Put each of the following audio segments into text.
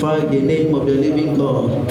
glorify the name of the living God.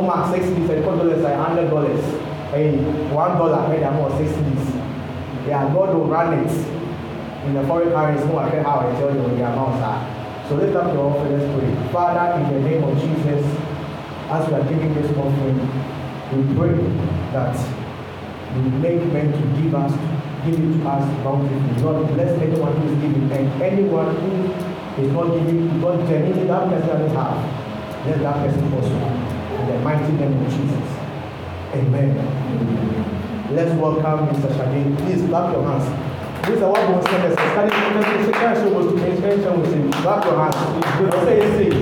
Omar, six leaves, I got dollars like hundred dollars. And one dollar, made them more six leaves. Yeah, God will run it in the foreign currency. No, I care how I tell you the amounts are. So lift up your offer. let's pray. Father, in the name of Jesus, as we are giving this offering, we pray that you make men to give us, give it to us bountifully. Lord, bless anyone who is giving and anyone who is not giving, God genuinely that person does have. Let that person also colocar Mr. Chagrin, please clap your hands. These are what we want to say. Standing in the center, you can show us the things, you can Clap your hands. Don't say it's safe.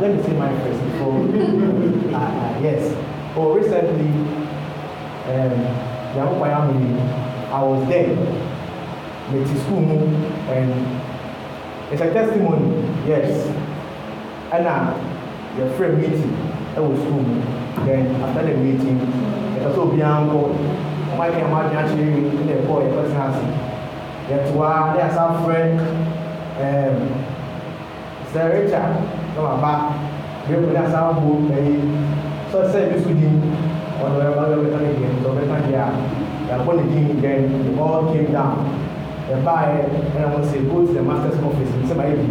Let me see my face. bẹ́ẹ̀ mo ní asáwọ́ ẹ̀yìn sọ́sẹ́ mi sùn di ọ̀nà ẹ̀rọ ẹ̀rọ ẹ̀rọ ẹ̀rọ ẹ̀rọ ẹ̀rọ ẹ̀rọ yàgbọ́ ní di then they all came down ẹ̀bá ẹ̀ ẹ̀rọ wọn sè go to the master's office ní sẹ́bàá yẹ bi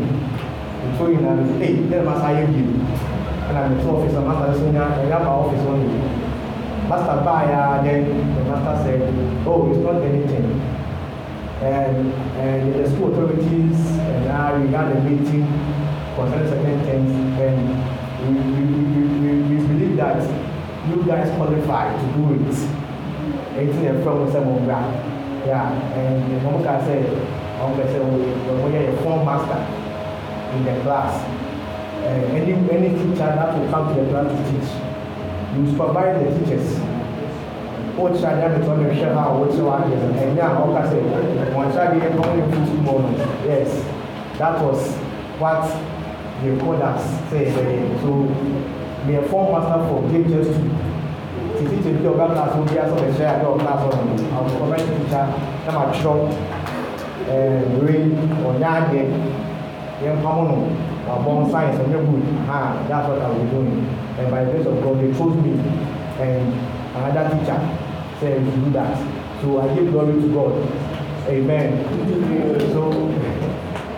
ètò yìí náà ẹ̀ ẹ̀ ẹ̀ master ayé bi ẹ̀nà mi office náà master sún yá ẹ̀ yá bá office only. master bá yà ah, then the master said oh it's not anything and and the school authorities and I ah, regard the meeting concerning certain things and we, we, we, we believe that you guys qualify to do it èyí yẹn fẹ́ wọn sẹ́ wọn gbà yà ẹ̀ wọ́n kà sẹ́ wọ́n kà sẹ́ wọ́n yẹ form master in the class uh, any any teacher that will come to the class to teach you supervise the teachers wọ́n ti ṣáájú àbẹ̀tí wọ́n lè ṣe ha wọ́n ti wá ẹ̀ ẹ̀yìn àwọn wọ́n kà sẹ́ wọ́n ṣáájú yẹn wọ́n lè fún two moments yes that was what they call that say ẹ̀rẹ̀ so their form master for game just to two títí tèmi tí ọgá class wọn bí aṣọ ẹ̀ṣẹ́ àti ọgá class ọ̀nà àwọn ọmọ ẹni tìjà ẹ máa tọ́ ẹ̀rẹ̀ ọ̀nyá àgbẹ̀ yẹn pamọ́ nù abọ́n science ẹ̀yẹ good ah that's what I was doing and by the grace of God they chose me and another teacher say you do that so I give glory to God amen so.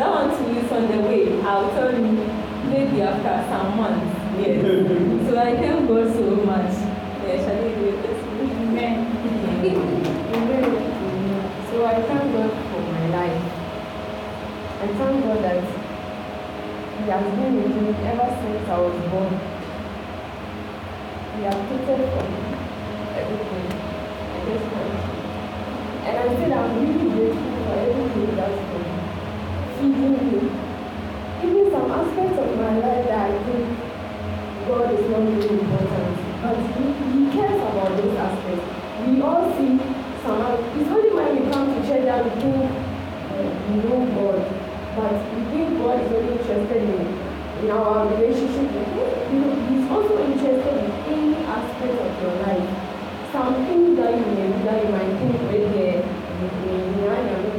That one to use on the way. I'll tell you maybe after some months. yeah. so I thank God so much. Yeah, shall we do this? Amen. Amen. So I thank God for my life. I thank God that He has been with me ever since I was born. He has taken for me everything at this point. And I said I'm really grateful for everything He does for me exceedingly. Even some aspects of my life that I think God is not really important, but He, he cares about those aspects. We all see some. It's only when we come to church that we think uh, we know God, but we think God is only interested in, in our relationship with Him. You know, he's also interested in any aspect of your life. Something that you may do that you might think right there, you may,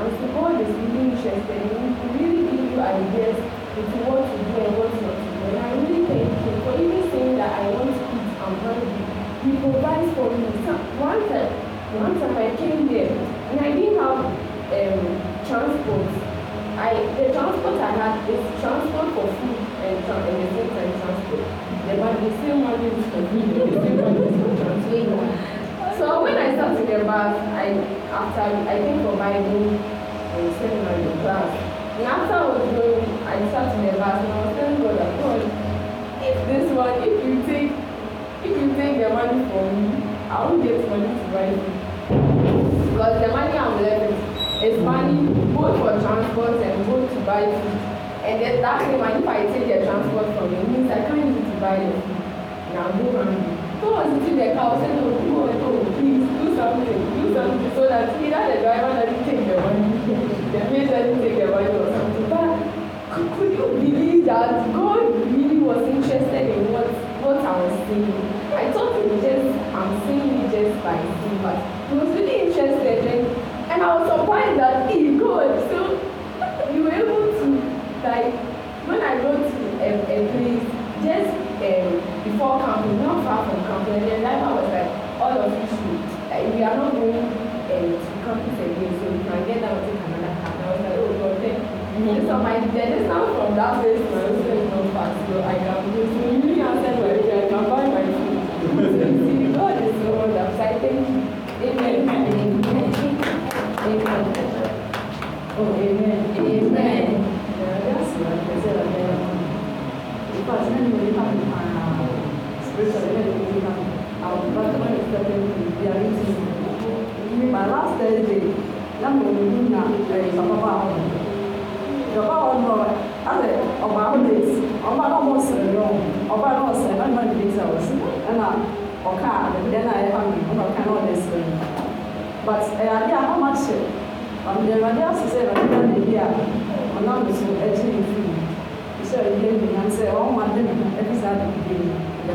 and Support is really interested in really give you ideas into what to do and what not to do. And I really thank him for even saying that I want to eat and hungry. He provides for me. So one time, one time I came there and I didn't have um, transport. I, the transport I had is transport for food and, tra- and the same time transport. The, the same money is for food and the same money is for transport. So when I start to get back, I after I think for Bible and seminary class. And after I was going, I start to get back and I was telling God that God, if this one, if you take if you take the money from me, I won't get money to buy it. Because the money I'm left is money both for transport and both to buy food. And then that money if I take the transport from you, means I can't even to buy the food. And I'm hungry. Someone was sitting in the car said, oh, go oh, please do something, do something, so that either the driver doesn't take the money, the maid doesn't take the money or something. But could, could you believe that God really was interested in what, what I was saying? I thought it was just, I'm saying it just by seeing, but he was really interested in, and I was surprised that he God, so you were able to, like, when I go to a, a place, just um, before camping, not far from camping, and then Lima was like, all of you should, like, we are not going uh, to campus again, so we can get out to another camp. I was like, oh God, then, mm so my, the now from that place to my hostel is not far, so I can go to you and send my I can buy my food. so you see, God is so wonderful. So I thank you. Amen. Amen. Amen. Oh, amen. Amen. amen. Yeah, that's what I said. Personal welcome welcome वर्तमान mara sɛde lama omi na ɛɛ papa baako papa wɔn nɔ alɛ ɔbaa de ɔbaa na ɔmo sɛn yɔ ɔbaa na ɔsɛn na ɔmo de sɛ ɔsɛn ɛna ɔka ɛdɛn na ɛfa mi ɔna ɔka na ɔde sɛn but ɛyɛ uh, um, adeɛ a ɔmo akyɛ ɔmo de ɛwɛ adeɛ asosɛ ɛwɛ adeɛ na ebi a ɔnam so ɛkyɛ nfi. So again, we can say, oh, my goodness, I was believing the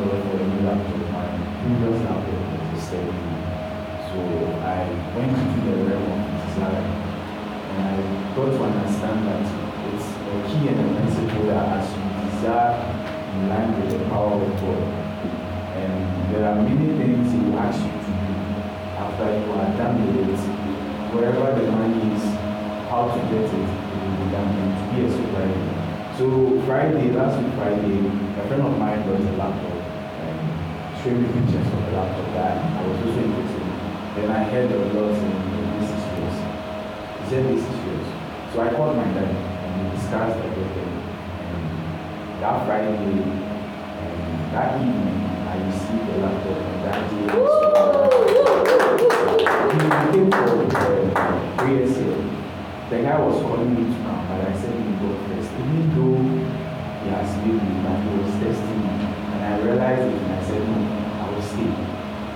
Lord for a miracle. My previous album So I went into the realm and I got to understand that it's a key and a principle that as you desire, you align with the power of God um, there are many things he will ask you to do after you are done with it. Wherever the money is, how to get it, it will be done. It be a surprise. So Friday, last week Friday, a friend of mine was a laptop and showed me pictures of the laptop that I was also interested Then I heard the results and this is yours. He said this is yours. So I called my dad and we discussed everything. And that Friday, and that evening, I received a laptop on that day. I came for the prayer sale. The guy was calling me to come, but I said, "You go first. Even though he has been me, but he was testing me. And I realized it and I said, No, I will stay.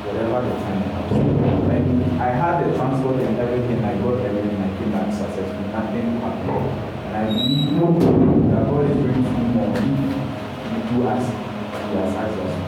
Whatever the time I was When I had the transport and everything, I got everything, I came back successful. Nothing happened. And I believe no that God is bringing me more. You do as he has asked us.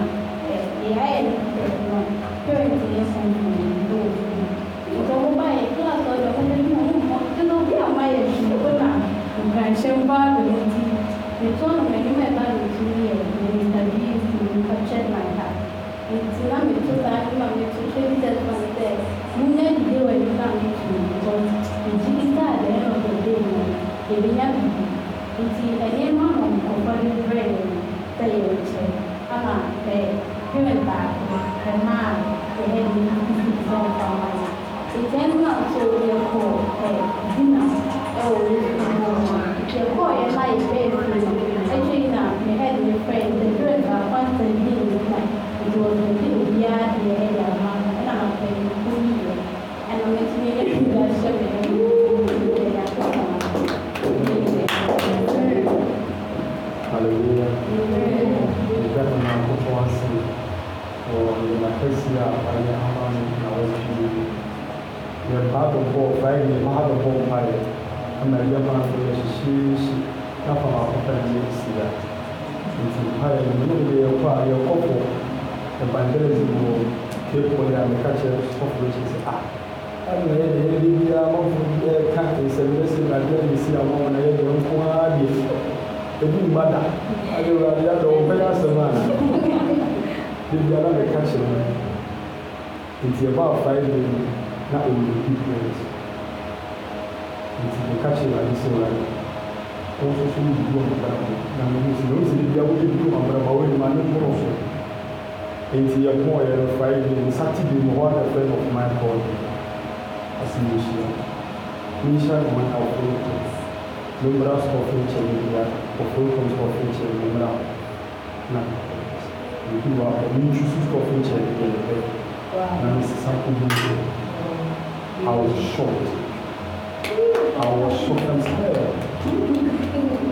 出会えるっていうの教育予算のどう子供前クラスをどこでももう手のひら前でしょこな感謝バーグの地でその目に目があるうちにインタビューするかもしれないからいつなみつた今めっちゃしてみてとかってみんなに出会えるかもしれない一時間でのことでもできなくて一時間でもここに出会えるっていうのを ama de ขึ้นตาขึ้นมาจะเห็นน้ำที่ส่งต่อมาจะเจ้งเราสู่เรียกโหแห่งที่นั่งเอวิสมาเจียกโหยังไงเป็นคือให้ช่วยนำให้ดูเป็นเพื่อนกับคนที่มีใจดูดี evangelism wɔ eu yi a meka kyerɛ sɔfo kyi sɛ a ɛna yɛ deɛ yɛde bi a mɔfo ɛka nsɛm yɛ sɛ nadeɛ ne si a mɔmɔ na yɛ deɛ nko ara deɛ ebi mba da ade wura de adɔ wɔn bɛyɛ asɛm a ebi ara meka kyerɛ no nti ɛba afa yi deɛ na ɔyɛ bi pɛrɛt nti meka kyerɛ ade sɛ wɔn wɔn nso so yi bi wɔn bra ho na wɔn nso na wɔn nso de bi a wɔde bi wɔn bra ho a wɔn nyinaa ne kɔrɔ so. nti yɛko yɛ no friday no saturday no hɔ friend of mine called me ɔsi mehyia mehyia no ma ɔforo to memmra so ɔfo nkyɛn no bia ɔforo to nso ɔfo nkyɛn no mmra na ebi wɔ hɔ mentwi so so ɔfo nkyɛn no I was shocked. I was shocked and scared.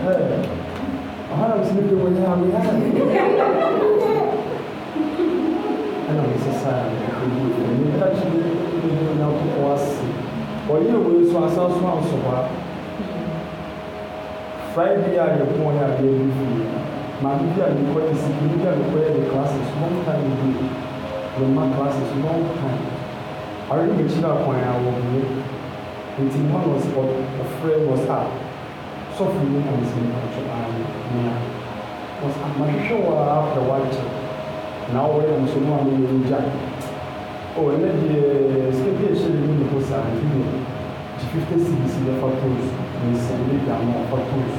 Hey, I had a sleeping when necessário. Ele está te dando o que possa. Olha o isso, a ação sua, a sua. Fry bi a yɛ pon yɛ adeɛ bi fi maame bi a ne kɔ yɛ si bi a ne kɔ yɛ ne classes long time bi ne ma classes long time are ne kyerɛ akwan a wɔn mu nti one was ɔfrɛ was a sɔfo yi na atwa ano nea was amahwɛ wɔ a after one time na wɔyɛ nsono a wɔyɛ gya o ɛnɛ deɛ sika bi a ɛhyɛ ne mu ne ho saa ne mu gye fifty cedis bɛfa toos ne nsa ne da no ɔfa toos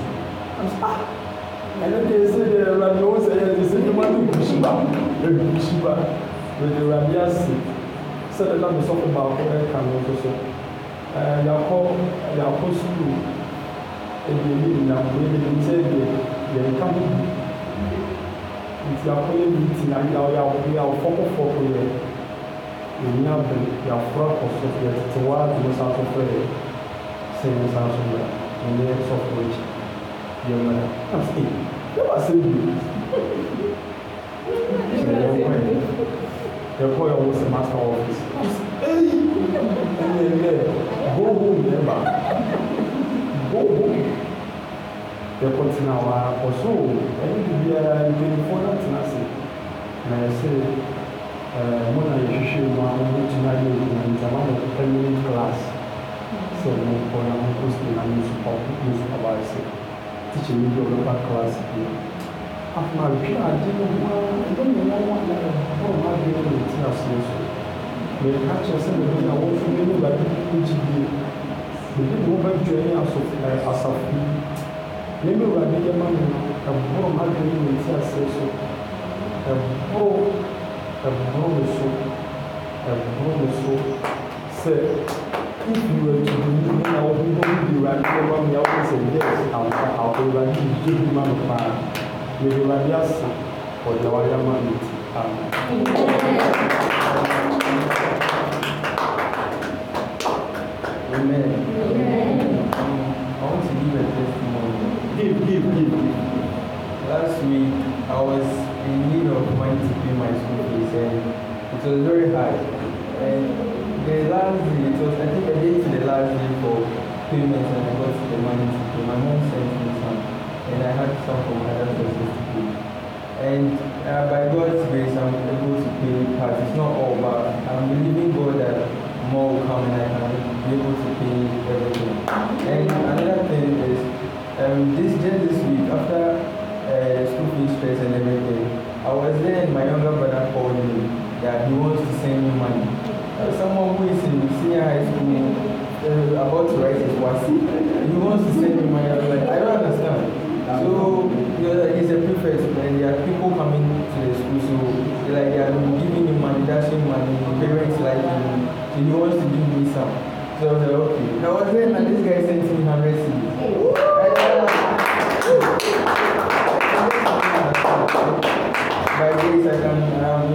ah ɛnɛ deɛ sɛ deɛ awurade wo sɛ yɛde sɛ nyuma no gu hyi ba ɛgu hyi ba wɔde awurade ase sɛdeɛ na me sɔfo baako ɛka no nso so ɛɛ yɛakɔ yɛakɔ sukuu ɛdeɛ ne nyinaa ɛdeɛ ne nkyɛn deɛ yɛnka ho nti akɔyɛ miiti na yɛ ɔyɛ ɔyɛ ɔfɔkɔfɔkɔ yɛ ɛni abɛ yafura kɔsɔ yɛ tete wa adumɛ sa so fɛ sɛnɛ sa so yɛ ɛni yɛ sɔfo ekyi yɛ mɛ ɛsɛ yɛ wa se bi yɛ yɛ kɔ yɛ yɛ kɔ yɛ wɔ semasa ɔfisi ɛyi ɛni yɛ go home yɛ ba go home yɛkɔ tena hɔ ara kɔ so ɛne biribiara mpanimfoɔ no atena ase na yɛsɛ mo na yɛhwehwɛ mu a mobɛtumi ayɛ adwuma nti ama mo permanent class sɛ mokɔ na mokɔ sukuu na mesupervise tikyi no bi ɔbɛba class bi afoma atwe ade no ho a ɛbɛnyɛma wo a ɛfɔma adwene no ne tena so so mɛka kyerɛ sɛ mede na wɔmfo mene bade nkyi bie mede ne wobɛdwɛ ne asafo nínú ìwádìí yẹn máa ń lò ẹ̀bùrọ̀ mágàlì ní ti àṣẹ so ẹ̀bùrọ̀ ẹ̀bùrọ̀ mi so ẹ̀bùrọ̀ mi so sẹ kúkú rẹ tuntun ní ní àwọn bí wọ́n di ìwádìí yẹn máa ń yà wọ́n sẹ yẹ àwọn àwọn ìwádìí yìí bí máa ń pa ìwé ìwádìí àṣà ọ̀dà wáyà máa ń ti àmì. Amen. last week I was in need of money to pay my school fees and it was very hard. And the last day, it was I think I did to the last day for payment and I got the money to pay. My mom sent me some and I had some from my other sources to pay. And uh, by God's grace I'm able to pay part. It's not all but I'm believing God that more will come and I can be able to pay everything. And another thing is um, this just this week after feel and everything. I was there and my younger brother called me that he wants to send me money. Uh, someone who is in senior high school uh, about to write his was he wants to send me money. I was like, I don't understand. So you know, he's a prefect and there are people coming to the school, so like they are giving him money, dashing money, parents like him, so he wants to give me some. So I was like, okay. I was there and this guy sent me 100 CDs. I can, I'm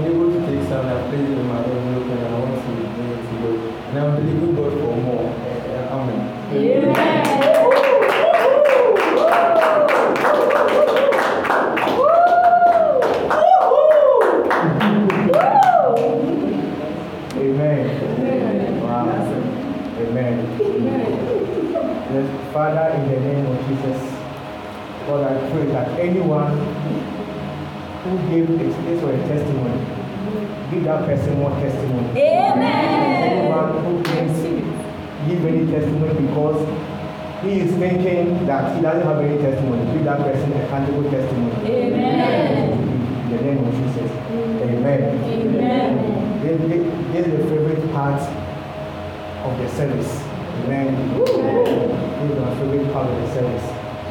able to take some and place in my own and I want to bring to God. And I'm believing God for more. Eh, eh, amen. Amen. Amen. Amen. Amen. Father, in the name of Jesus, Lord, I pray that anyone who gave a space for a testimony, give that person more testimony. Amen. Anyone who can give any testimony because he is thinking that he doesn't have any testimony. Give that person a tangible testimony. Amen. In the name of Jesus. Amen. Amen. This, is the favorite part of the service. Amen. This is my favorite part of the service.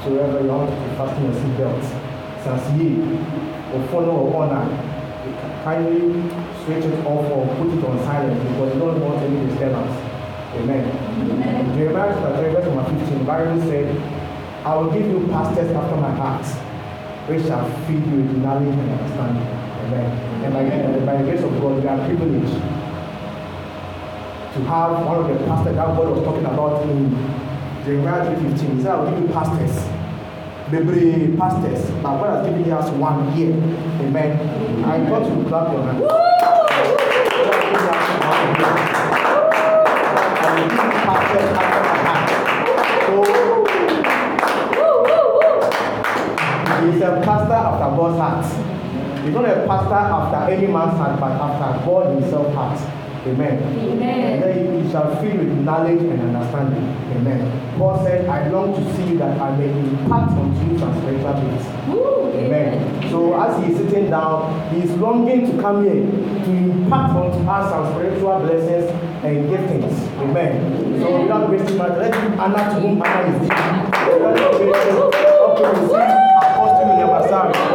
So wherever you want to fasten your seatbelts, since ye follow or honor, kindly switch it off or put it on silent because you don't want any disturbance. Amen. Amen. Jeremiah chapter 3, verse Bible said, I will give you pastors after my heart, which shall feed you with knowledge and understanding. Amen. And by, and by the grace of God, we are privileged to have one of the pastors that God was talking about in Jeremiah 15. He said, I will give you pastors Bebre pastors. Now God has given us one year. Amen. I want to clap your hands. He's a pastor after God's heart. He's not a pastor after any man's heart, but after God Himself heart. Amen. Amen. And then you shall fill with knowledge and understanding. Amen. Paul said, I long to see you that I may impart unto you spiritual things. Amen. Amen. So as he is sitting down, he is longing to come here to impart unto us some spiritual blessings and giftings. Amen. So without wasting much, let's give honor to whom honor is due. Apostle Yabasari.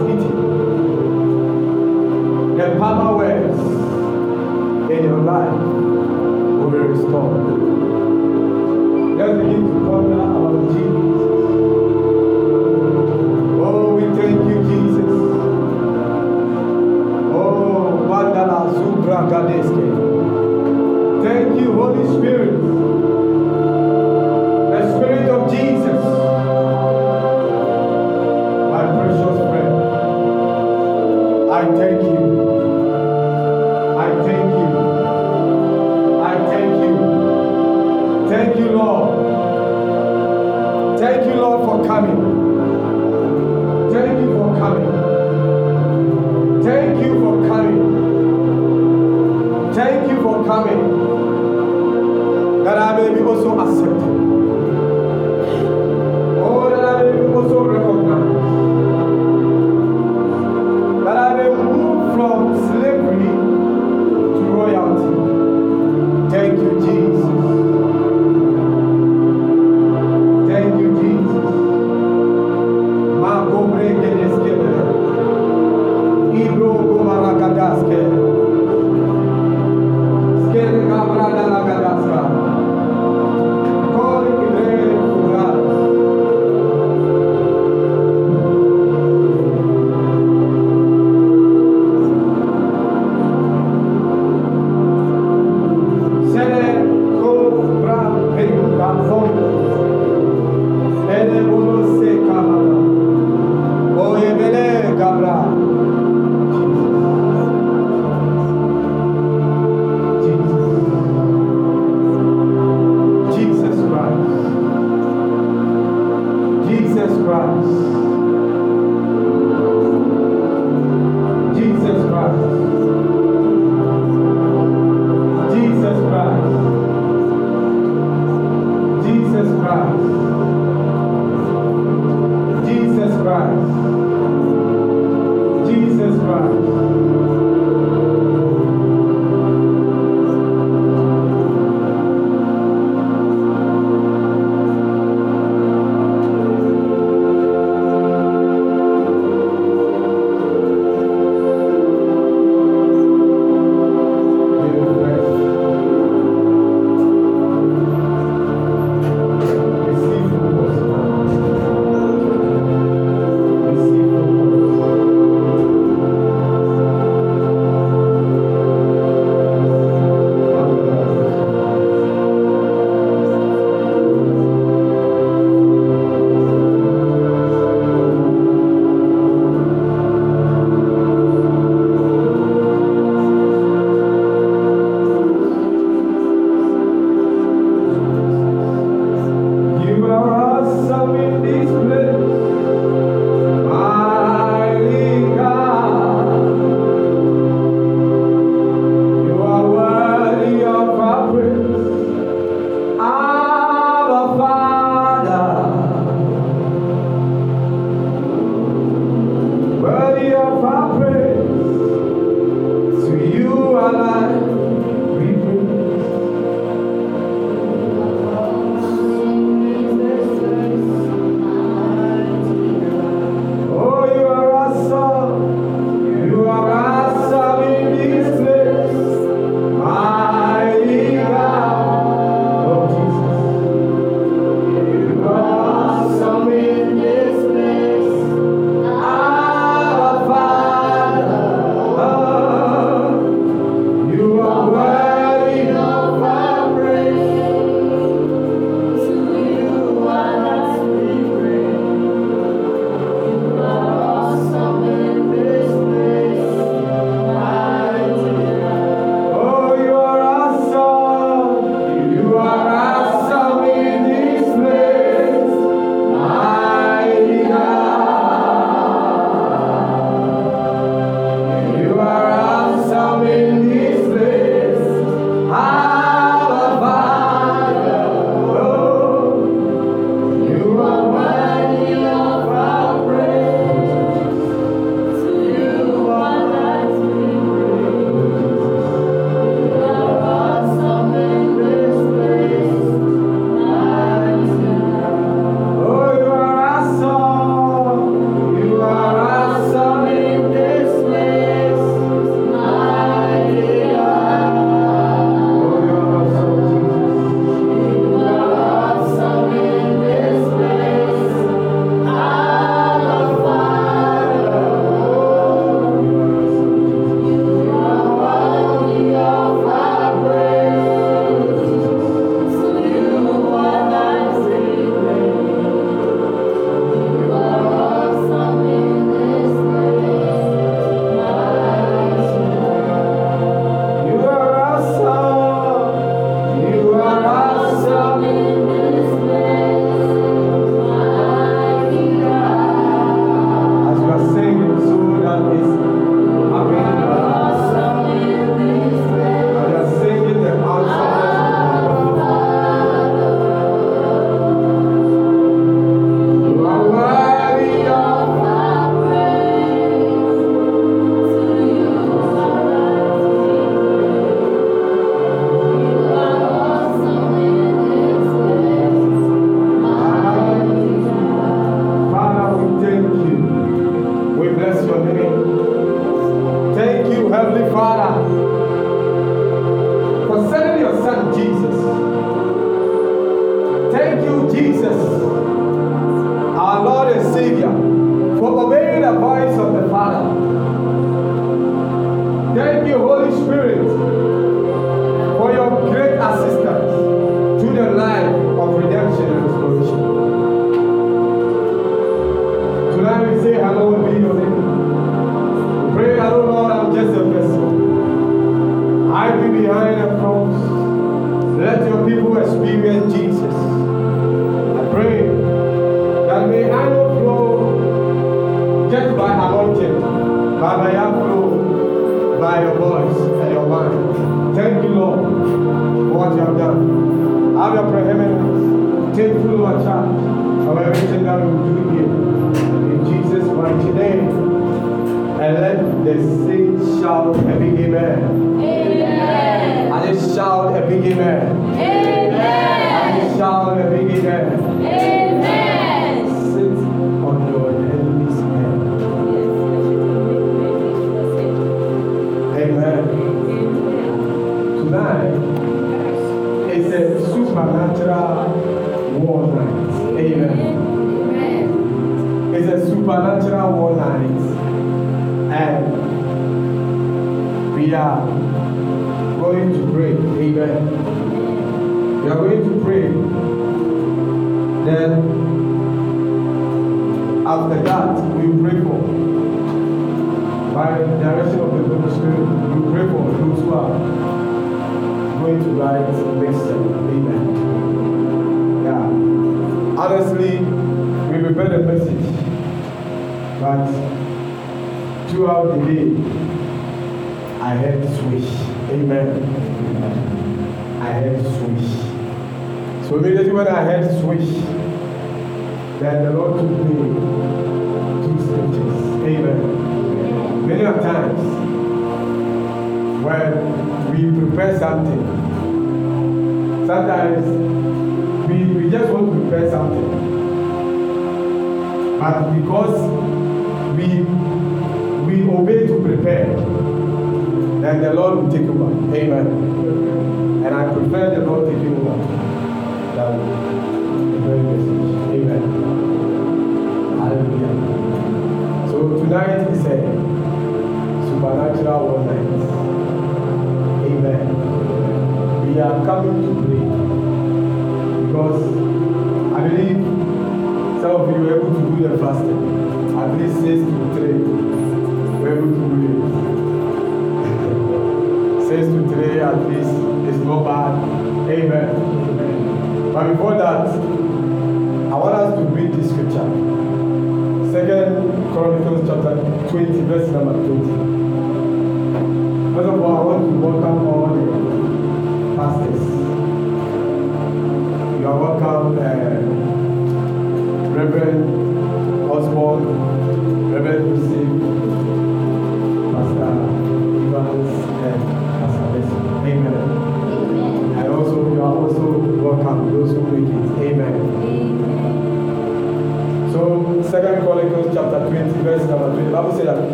развития.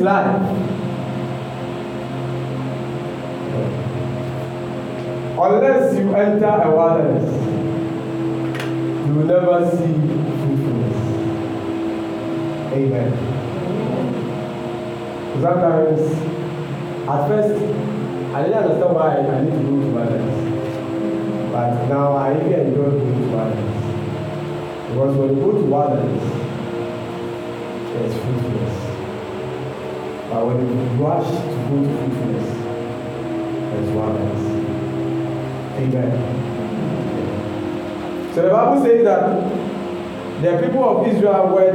life. Unless you enter a wilderness, you will never see fruitfulness. Amen. Sometimes, at first, I didn't understand why I need to go to wilderness. But now I really enjoy going to wilderness. Because when you go to wilderness, there's fruitfulness. But when you rush to go to fitness, that's what happens. Amen. So the Bible says that the people of Israel went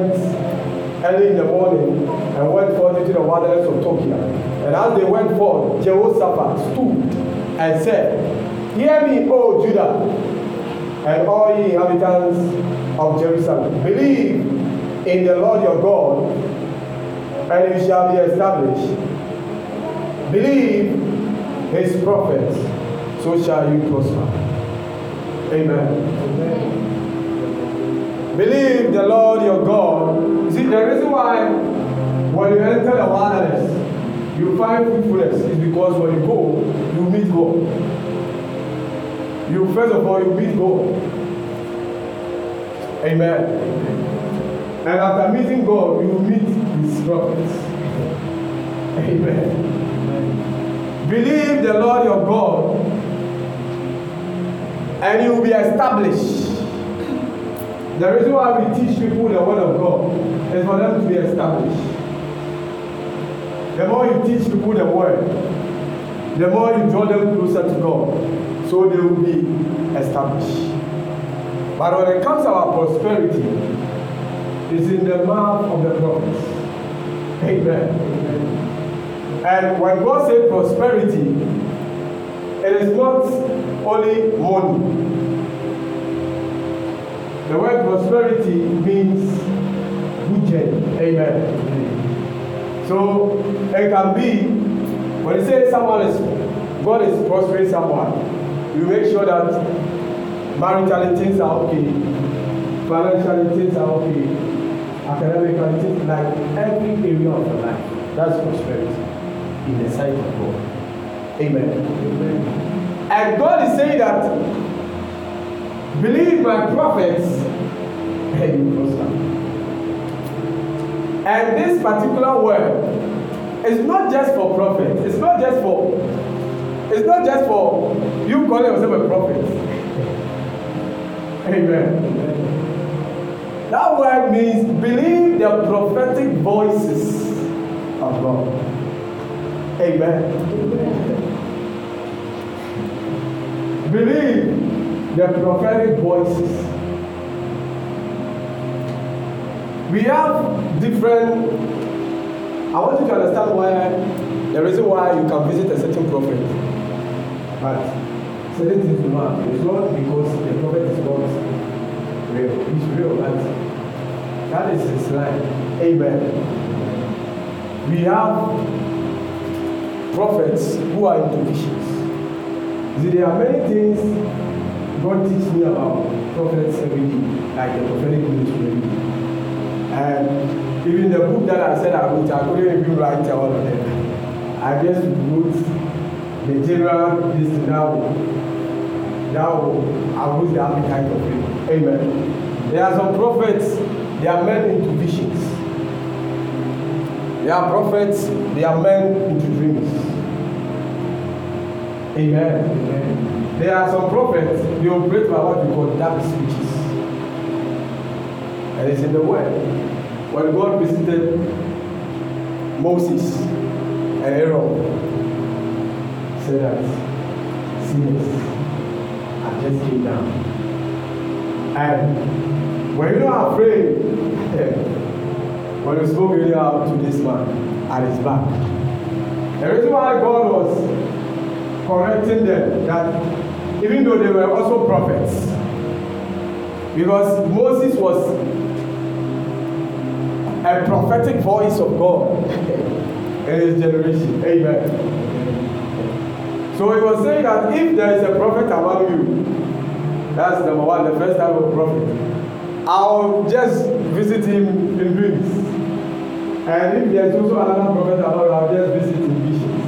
early in the morning and went forth into the wilderness of Tokyo. And as they went forth, Jehoshaphat stood and said, Hear me, O Judah, and all ye inhabitants of Jerusalem. Believe in the Lord your God and you shall be established. Believe his prophets, so shall you prosper. Amen. Amen. Believe the Lord your God. You see, the reason why when you enter the wilderness, you find fruitfulness is because when you go, you meet God. You first of all, you meet God. Amen. And after meeting God, you will meet prophets. Amen. Believe the Lord your God, and you will be established. The reason why we teach people the word of God is for them to be established. The more you teach people the word, the more you draw them closer to God, so they will be established. But when it comes to our prosperity, it's in the mouth of the prophets. Amen. And when God say prosperity, it is not only money. The word prosperity means good Amen. So it can be when you say someone is God is prospering someone, you make sure that marital things are okay, financial things are okay, academically, like every area of your life. That's prosperity in the sight of God. Amen. Amen. And God is saying that believe my prophets and you prosper. And this particular word is not just for prophets. It's not just for it's not just for you calling yourself a prophet. Amen. That word means believe the prophetic voices of God. Amen. Amen. believe the prophetic voices. We have different. I want you to understand why the reason why you can visit a certain prophet. But certain things do not. It's not because the prophet is not real. He's real, but That is his life. Amen. We have prophets who are into visions. See, there are many things God teaches me about prophets every day, like the prophetic ministry. And even the book that I said I wrote, I couldn't even write all of them. I just wrote the general This now now I will the kind of people. Amen. There are some prophets they are men into visions. They are prophets, they are men into dreams. Amen. Amen. There are some prophets, they operate by what we call dark speeches. And it's in the word. When God visited Moses and Aaron, said that this, I just came down. And when you are afraid, when we spoke earlier to this man at his back. The reason why God was correcting them that even though they were also prophets, because Moses was a prophetic voice of God in his generation. Amen. So he was saying that if there is a prophet among you, that's number one, the first type of prophet. I'll just visit him in dreams. And if there's also another prophet among you, I'll just visit in visions.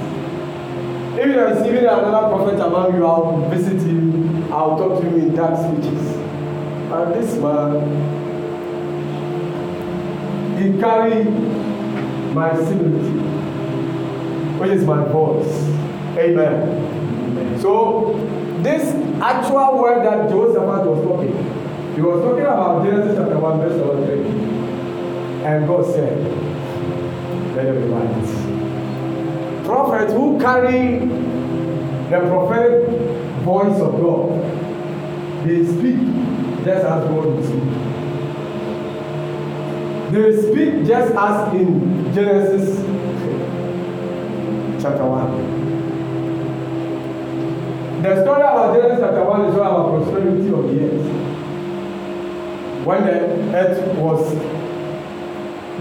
If you're even another prophet among you, I'll visit him, I'll talk to him in dark speeches. And this man, he carried my similitude, which is my voice. Amen. So, this actual word that Joseph was talking, He was talking about Genesis chapter 1, verse 3. And God said, Let there be light. Prophets who carry the prophetic voice of God, they speak just as God would speak. They speak just as in Genesis chapter 1. The story about Genesis chapter 1 is all about prosperity of the earth. when the earth was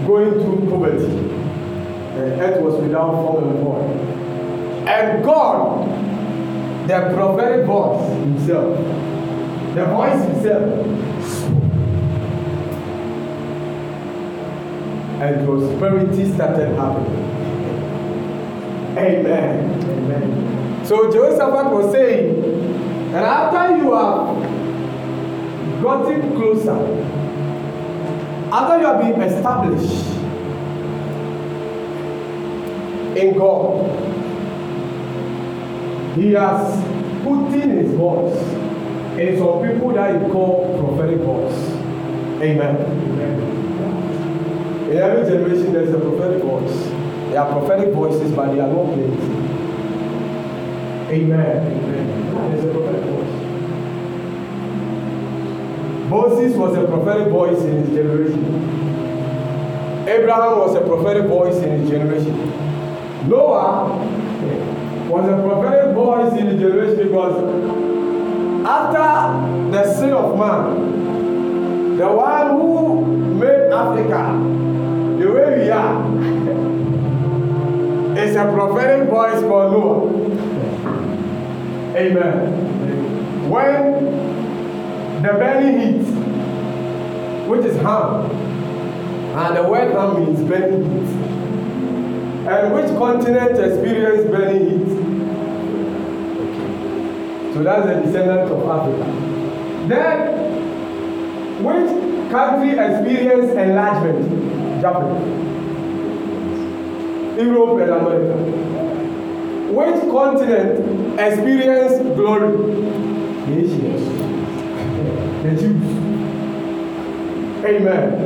going through poverty, the earth was without form and void. And God, the prophetic voice himself, the voice himself, And prosperity started happening. Amen. Amen. So Jehoshaphat was saying, and after you have gotten closer, after you have been established in God, He has put in His voice in some people that He call prophetic voice. Amen. In every generation, there's a prophetic voice. There are prophetic voices, but they are not played. Amen. Amen. There's a prophetic voice. Moses was a prophetic voice in his generation. Abraham was a prophetic voice in his generation. Noah was a prophetic voice in his generation because after the sin of man, the one who made Africa the way we are is a prophetic voice for Noah. Amen. When the burning heat, which is harm. And the word harm means burning heat. And which continent experienced burning heat? So that's the descendant of Africa. Then, which country experienced enlargement? Japan. Europe and America. Which continent experienced glory? Asia. the Amen.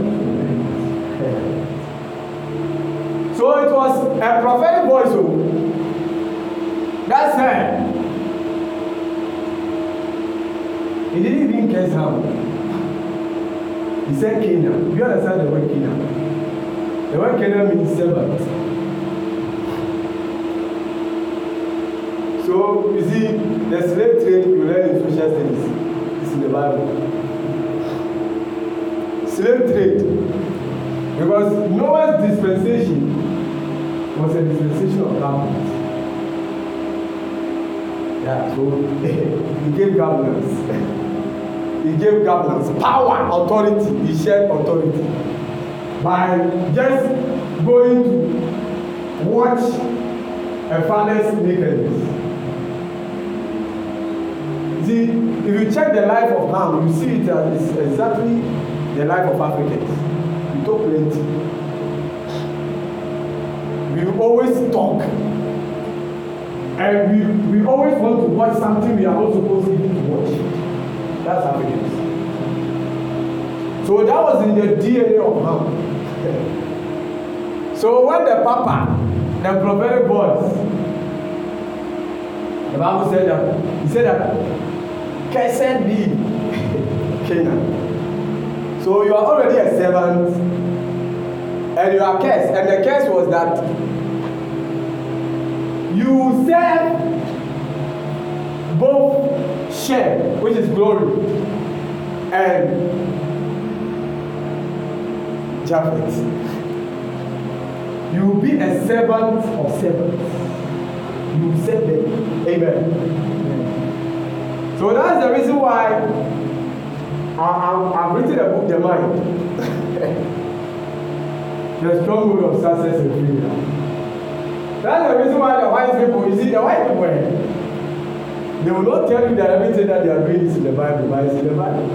So it was a prophetic voice who, oh. that said, he didn't even guess how. He said Kenya. You understand the word Kenya. The word Kenya means servant. So you see, the slave trade you learn in social studies is in the Bible slave trade because Noah's dispensation was a dispensation of government. Yeah, so he gave governance. he gave governance power, authority. He shared authority by just going to watch a father's nakedness. See, if you check the life of Ham, you see it that it's exactly the life of Africans. We talk plenty. We always talk. And we, we always want to watch something we are not supposed to watch. That's Africans. So that was in the DNA of man. so when the Papa, the prophetic voice, the Bible said that, he said that, Cursed be Canaan. So you are already a servant and you are cursed. And the curse was that you serve both share, which is glory, and Japheth. You will be a servant of servants. You said serve them. Amen. So that's the reason why I, have written a book, The Mind. the stronghold of success and failure. That's the reason why the wise people, you see, the wise people, eh, they will not tell you that everything that they are doing is in the Bible, but it's in the Bible.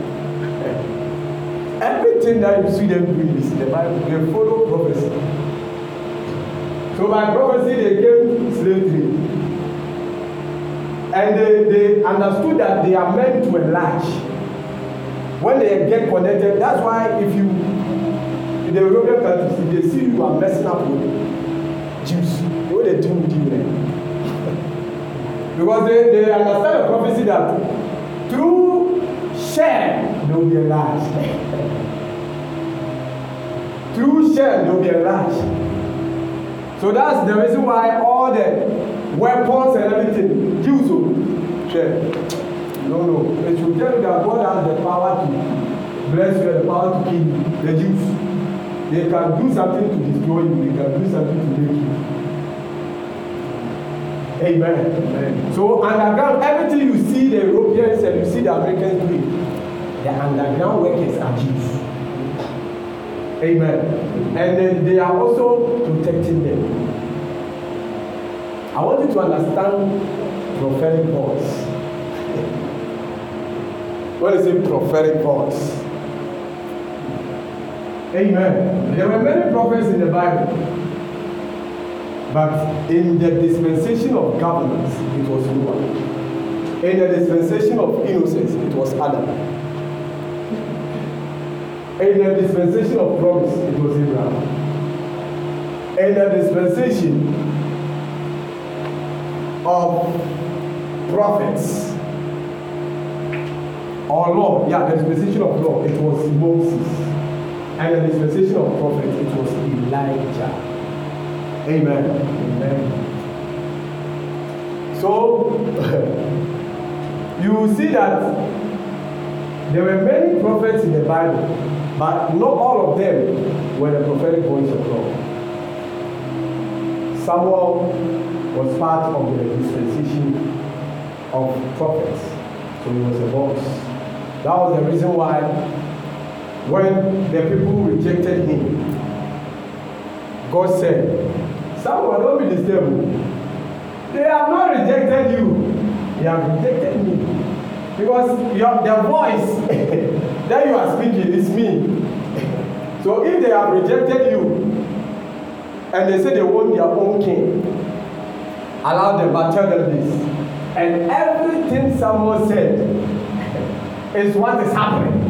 Everything that you see them doing is in the Bible. They follow prophecy. So by prophecy, they came slavery. And they, they understood that they are meant to enlarge when they get connected that's why if you in the european countries if they see you are messing up with jews the way they do with you then because they they understand the prophesy that through share they be enlarged through share they be enlarged so that's the reason why all the weapons and everything jews o share. No, no. It will tell you that God has the power to bless you, the power to kill the Jews. They can do something to destroy you, they can do something to make you. Amen. Amen. So underground, everything you see the Europeans and you see the Africans doing, the underground workers are Jews. Amen. And then they are also protecting them. I want you to understand prophetic words. What is a prophetic voice? Amen. There were many prophets in the Bible. But in the dispensation of governance, it was Noah. In the dispensation of innocence, it was Adam. In the dispensation of promise, it was Abraham in the dispensation of prophets or law, yeah, the dispensation of law, it was Moses. And the dispensation of prophet, it was Elijah. Amen. Amen. So, you will see that there were many prophets in the Bible, but not all of them were the prophetic voice of God. Samuel was part of the dispensation of prophets, so he was a voice. That was the reason why when the people rejected him, God said, "Samuel don't be disturbed. They have not rejected you, they have rejected me. Because your, their voice that you are speaking is me. so if they have rejected you, and they say they want their own king, allow them, but tell them this. And everything Samuel said, is what is happening.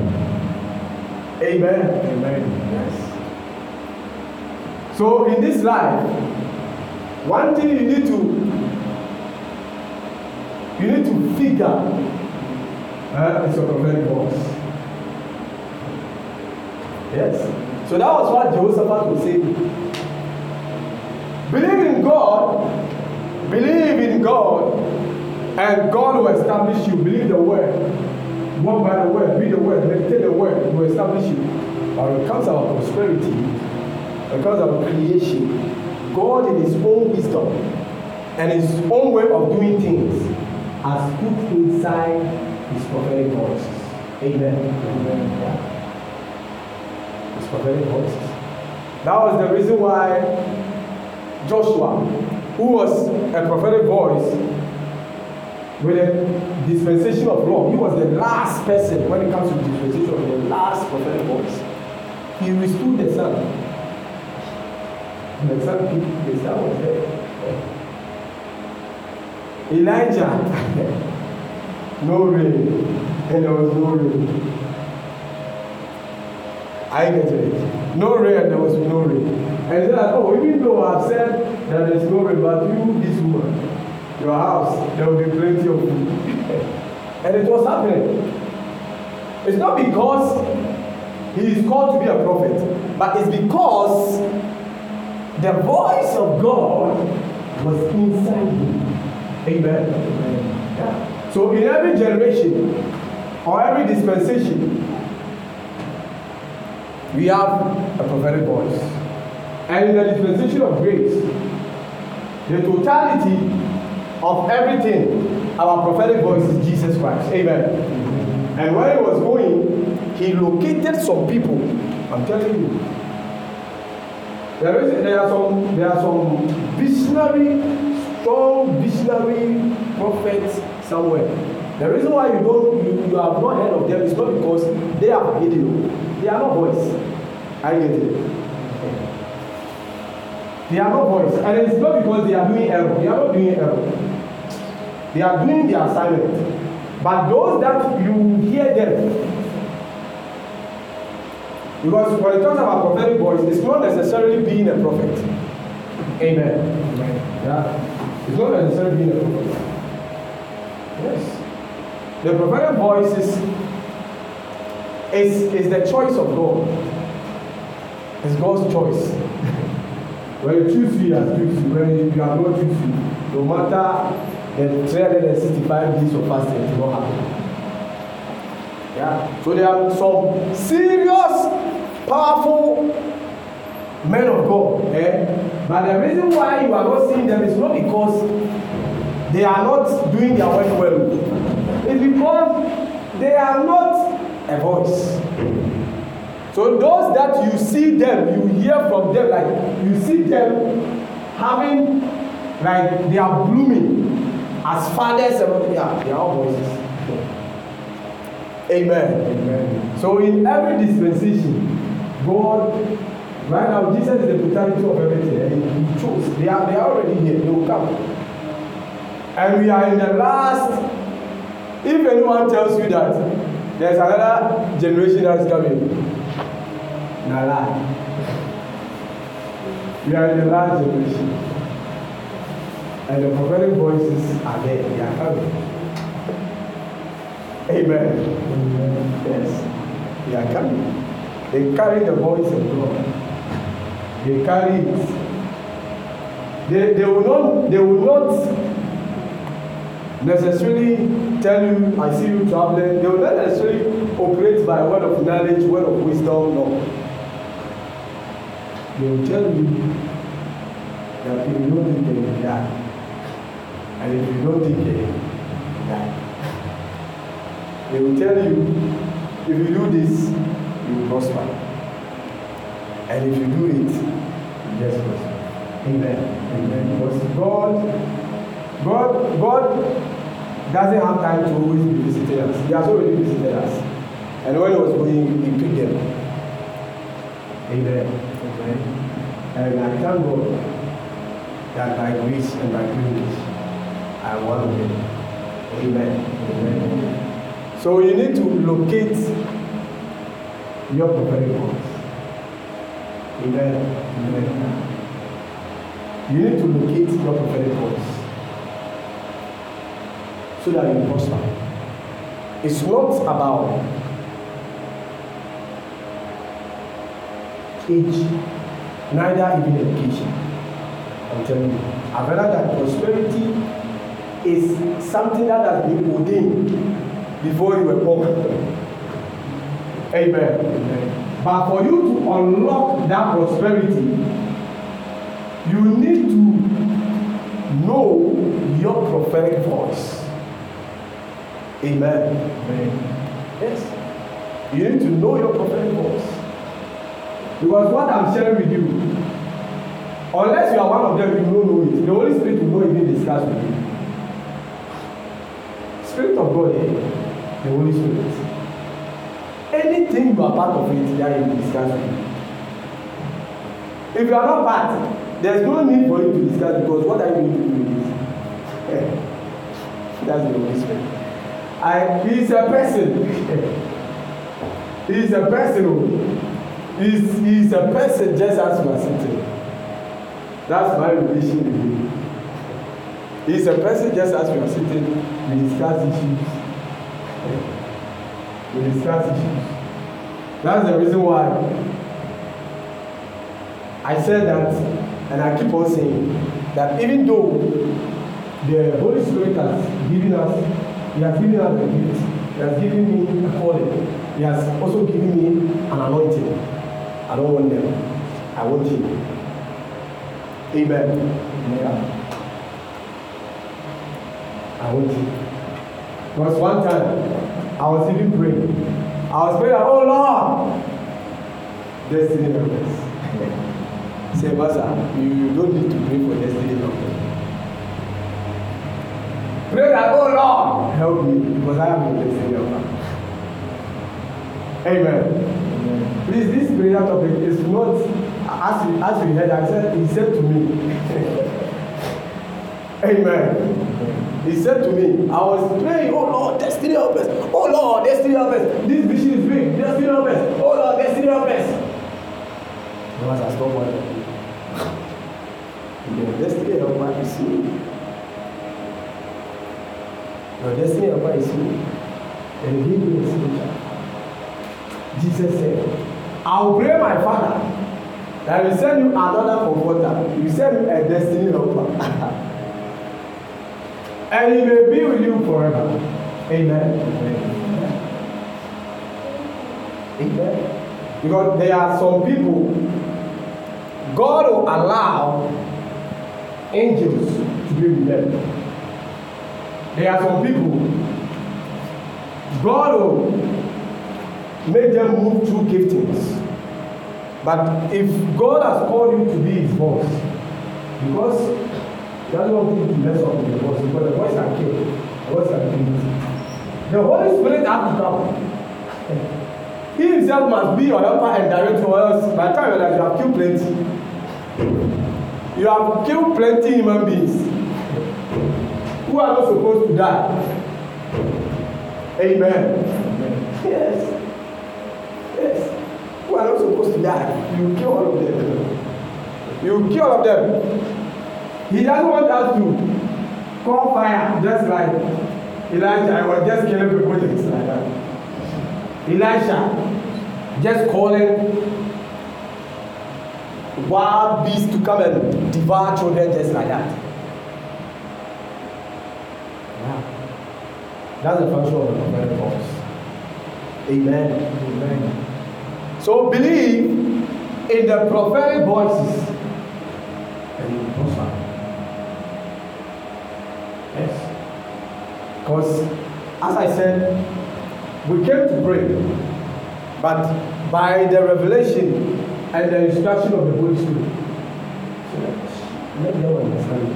Amen. Amen. Yes. So in this life, one thing you need to you need to figure uh, is your prophetic voice. Yes. So that was what Jehoshaphat was saying. Believe in God, believe in God, and God will establish you. Believe the word. Walk by the word, read the word, meditate the word, it will establish you. But when it comes prosperity, because it comes creation, God in his own wisdom and his own way of doing things has put inside his prophetic voices. Amen. Amen. Yeah. His prophetic voices. That was the reason why Joshua, who was a prophetic voice, with the dispensation of law, he was the last person when it comes to dispensation of the last prophetic voice. He restored the sun. The sun, the sun was there. Elijah, no rain, and there was no rain. I get it. No rain, there was no rain. And he said, Oh, even though I've said that there's no rain, but you, this woman, your house, there will be plenty of food. and it was happening. It's not because he is called to be a prophet, but it's because the voice of God was inside him. Amen. Amen. Yeah. So in every generation or every dispensation, we have a prophetic voice. And in the dispensation of grace, the totality of everything, our prophetic voice is Jesus Christ. Amen. And where he was going, he located some people. I'm telling you. There, is, there are some there are some visionary, strong visionary prophets somewhere. The reason why you don't you, you have not heard of them is not because they are hidden. They are not voice. I get it. They are not boys. And it's not because they are doing error. They are not doing error. They are doing their assignment. But those that you hear them, because when it talks about prophetic voice, it's not necessarily being a prophet. Amen. Amen. Yeah. It's not necessarily being a prophet. Yes. The prophetic voice is, is, is the choice of God. It's God's choice. When you choose you as choose when you are not choose no matter the three, 365 days of fasting, it will not happen. Yeah. So there are some serious, powerful men of God. Eh? But the reason why you are not seeing them is not because they are not doing their work well. It's because they are not a voice. So those that you see them, you hear from them, like you see them having, like they are blooming as fathers and yeah, they are all voices. Amen. Amen. So in every dispensation, God, right now, Jesus is the totality of everything, and He chose. They are they are already here. They will come. And we are in the last. If anyone tells you that there's another generation that is coming, You are alive. are in the last generation. And the prophetic voices are there. They are coming. Amen. Amen. Yes. They are coming. They carry the voice of God. They carry it. They, they will not they will not necessarily tell you I see you traveling. They will not necessarily operate by word of knowledge, word of wisdom, no they will tell you that if you don't take care, you And if you don't take care, you They will tell you, if you do this, you will prosper. And if you do it, you just prosper. Amen. Amen. Because God, God, God doesn't have time to always be visiting us. He has already visited us. And when he was going, he picked them. Amen. And I thank go that by grace and by goodness, I want it. Amen. Amen. So you need to locate your prophetic voice. Amen. Amen. You need to locate your prophetic voice so that you prosper. It's not about age neither even education. I'm telling you. I've realized that prosperity is something that has been ordained before you were born. Amen. Amen. But for you to unlock that prosperity, you need to know your prophetic voice. Amen. Amen. Yes. You need to know your prophetic voice. because what i'm sharing with you unless you are one of them you no know it the holy spirit will not even discuss with you spirit of god eh the holy spirit anything you are part of it that he will discuss with you if you are not part there is no need for you to discuss because what are you going to do with it eh that's the holy spirit i he is a person he is a person o. Oh. He's, he's a person just as we are sitting. That's my relation with him. He's a person just as we are sitting. We discuss issues. We discuss issues. That's the reason why I said that, and I keep on saying that even though the Holy Spirit has given us, He has given us a gift, He has given me a calling, He has also given me an anointing. I don't want them. I want you. Amen. Yeah. I want you. Because one time I was even praying. I was praying, oh Lord, destiny this. Say, Master, you, don't need to pray for destiny helpers. Pray that, oh Lord, help me because I am a destiny helper. Amen. Please, this prayer topic is not as we, as we heard, I said, he said to me. Amen. He said to me, I was praying, oh Lord, destiny help us. Oh Lord, destiny help us. This vision is big, destiny help us. Oh Lord, destiny help us. No, I stopped wondering. Your destiny helper is you. Your destiny helper is you. And he will see you. Jesus said, I will pray my father that he send you another comforter, he send you a destiny helper. and he may be with you forever. Amen. Amen. Amen. Because there are some people, God will allow angels to be with them. There are some people, God will make them move through giftings. But if God has called you to be his boss, because that's one thing to mess up with the boss, because the boys are killed, the boys are killed. The Holy Spirit has to come. He himself must be your helper and director, or else by the time you realize you have killed plenty. You have killed plenty human beings who are not supposed to die. Amen. Yes. Yes. Who are not supposed to die? You kill all of them. You kill all of them. He doesn't want us to call fire just like Elijah. I was just killing people just like that. Elijah just calling wild beasts to come and devour children just like that. That's the function of the prophetic force. Amen. Amen. So believe in the prophetic voices and you prosper. Yes. Because as I said, we came to pray, but by the revelation and the instruction of the Holy Spirit. So let them understand